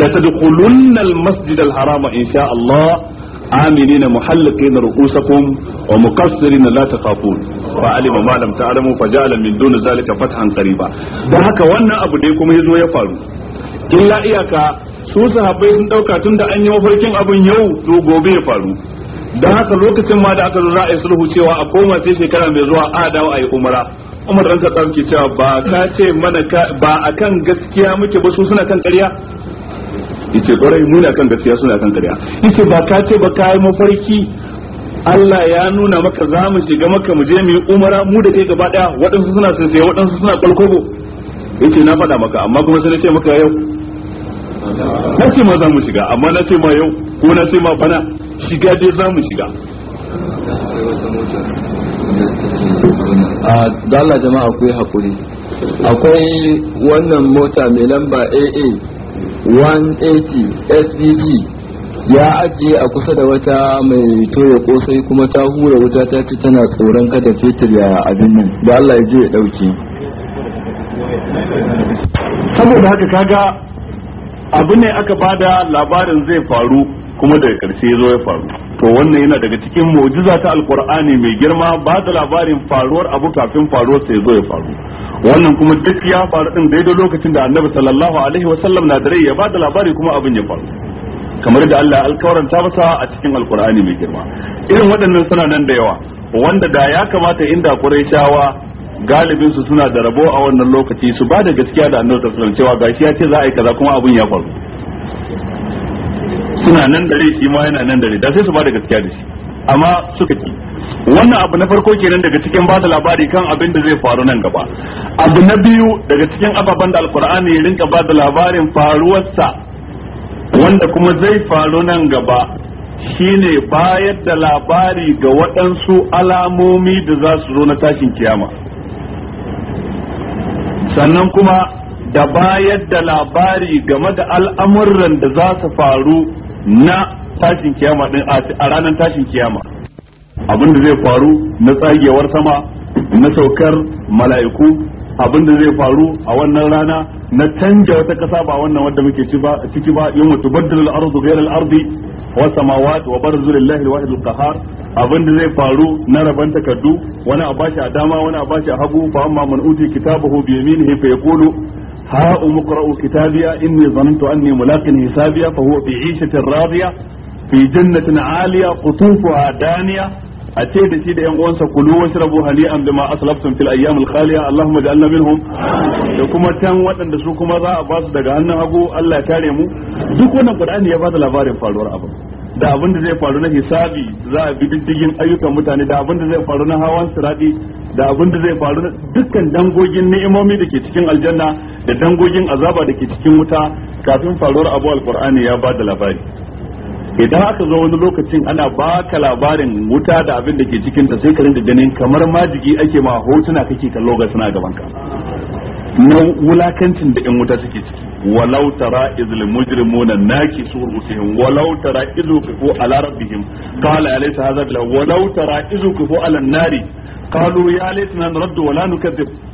la tadkhulunna al masjid al harama insha Allah na محلقين na ومقصرين wa تخافون na ما ba تعلموا فجعل من دون ذلك فتحا قريبا da haka wannan abu dai kuma yazo ya faru illa iyaka su sahabbai sun dauka tun da an yi mafarkin abin yau to gobe ya faru don haka lokacin ma da aka zo za a yi sulhu cewa a koma sai shekara mai zuwa a dawo a yi umara umar ranka tsarki cewa ba ka ce mana ba akan gaskiya muke ba su suna kan ƙarya yace kwarai mu kan gaskiya suna kan ƙarya yace ba ka ce ba ka yi mafarki Allah ya nuna maka za mu shiga maka mu je mu yi umara mu da kai gaba daya waɗansu suna sai waɗansu suna kwalkwabo yace na faɗa maka amma kuma sai na ce maka yau na ce ma za mu shiga amma na ce ma yau ko na ce ma bana shiga dai za mu shiga a dala jama'a akwai hakuri akwai wannan mota mai lamba aa 180 sdg ya ajiye a kusa da wata mai toya kosai kuma ta hura wuta ta ci tana tsoron kada fetur ya abin nan da allah ya je ya dauke saboda haka kaga abu ne aka bada labarin zai faru kuma daga karshe zo ya faru to wannan yana daga cikin mu'jiza ta alqur'ani mai girma ba da labarin faruwar abu kafin faruwar sai zo ya faru wannan kuma duk ya faru din daidai lokacin da annabi sallallahu alaihi wasallam na dare ya bada da labari kuma abin ya faru kamar da Allah alkawaranta masa a cikin alqur'ani mai girma irin waɗannan suna nan da yawa wanda da ya kamata inda qurayshawa galibin su suna da rabo a wannan lokaci su ba da gaskiya da annabi sallallahu cewa gashi ya ce za a yi kaza kuma abun ya faru suna nan dare shi ma yana nan dare da sai su ba da gaskiya da shi amma suka ki wannan abu na farko kenan daga cikin ba da labari kan abin da zai faru nan gaba abu na biyu daga cikin ababen da alkur'ani ya rinka ba da labarin faruwarsa wanda kuma zai faru nan gaba shine bayar da labari ga waɗansu alamomi da za su zo na tashin kiyama sannan kuma da bayar da labari game da al'amuran da za su faru na tashin kiyama din a ranar tashin kiyama abin da zai faru na tsagewar sama na saukar mala'iku abin da zai faru a wannan rana na canja wata kasa ba wannan wadda muke ciki ba yin wata baddala al’arzu ghayra al wasama samawat wa barzu lillahi alwahid alqahar abin da zai faru na raban takardu wani a bashi a dama wani a bashi a hagu fa amma man uti kitabahu bi yaminihi fa yaqulu ha umqra'u kitabiya inni zanantu anni mulaqin hisabiya fa huwa bi 'ishatin radiya fi jannatin 'aliya a daniya a ce da shi da yan uwansa kulu washrabu hani'an bima aslaftum fil ayyam al khaliya allahumma ja'alna minhum da kuma tan waɗanda su kuma za a ba daga hannun hagu Allah ya kare mu duk wannan qur'ani ya ba da labarin faruwar abu da abin da zai faru na hisabi za a bi diddigin ayyukan mutane da abin da zai faru na hawan siradi da abin da zai faru na dukkan dangogin ni'imomi da ke cikin aljanna da dangogin azaba da ke cikin wuta kafin faruwar abu al al-qur'ani ya ba da labari idan aka zo wani lokacin ana baka labarin wuta da abin da ke cikin ta sai ka rinda ganin kamar majigi ake ma hotuna kake kallo ga suna gaban ka na wulakancin da in wuta suke ciki walau tara izil mujrimuna naki usihim walau tara izu kifu ala rabbihim qala alaysa hadha bil walau tara izu kifu ala nari قالوا يا wa la ولا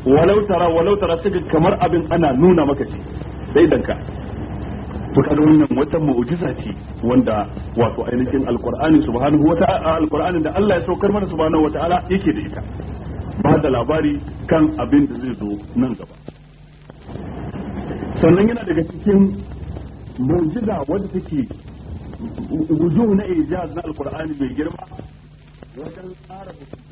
walau tara walau tara ترى kamar abin ana nuna maka ce sai danka to wannan wata mu'jiza ce wanda wato ainihin alqur'ani subhanahu wata'ala alqur'anin da Allah ya saukar mana subhanahu wata'ala yake da ita ba da labari kan abin da zai zo nan gaba sannan yana daga cikin mu'jiza wadda take wujuh na ijaz na alkur'ani mai girma wajen tsara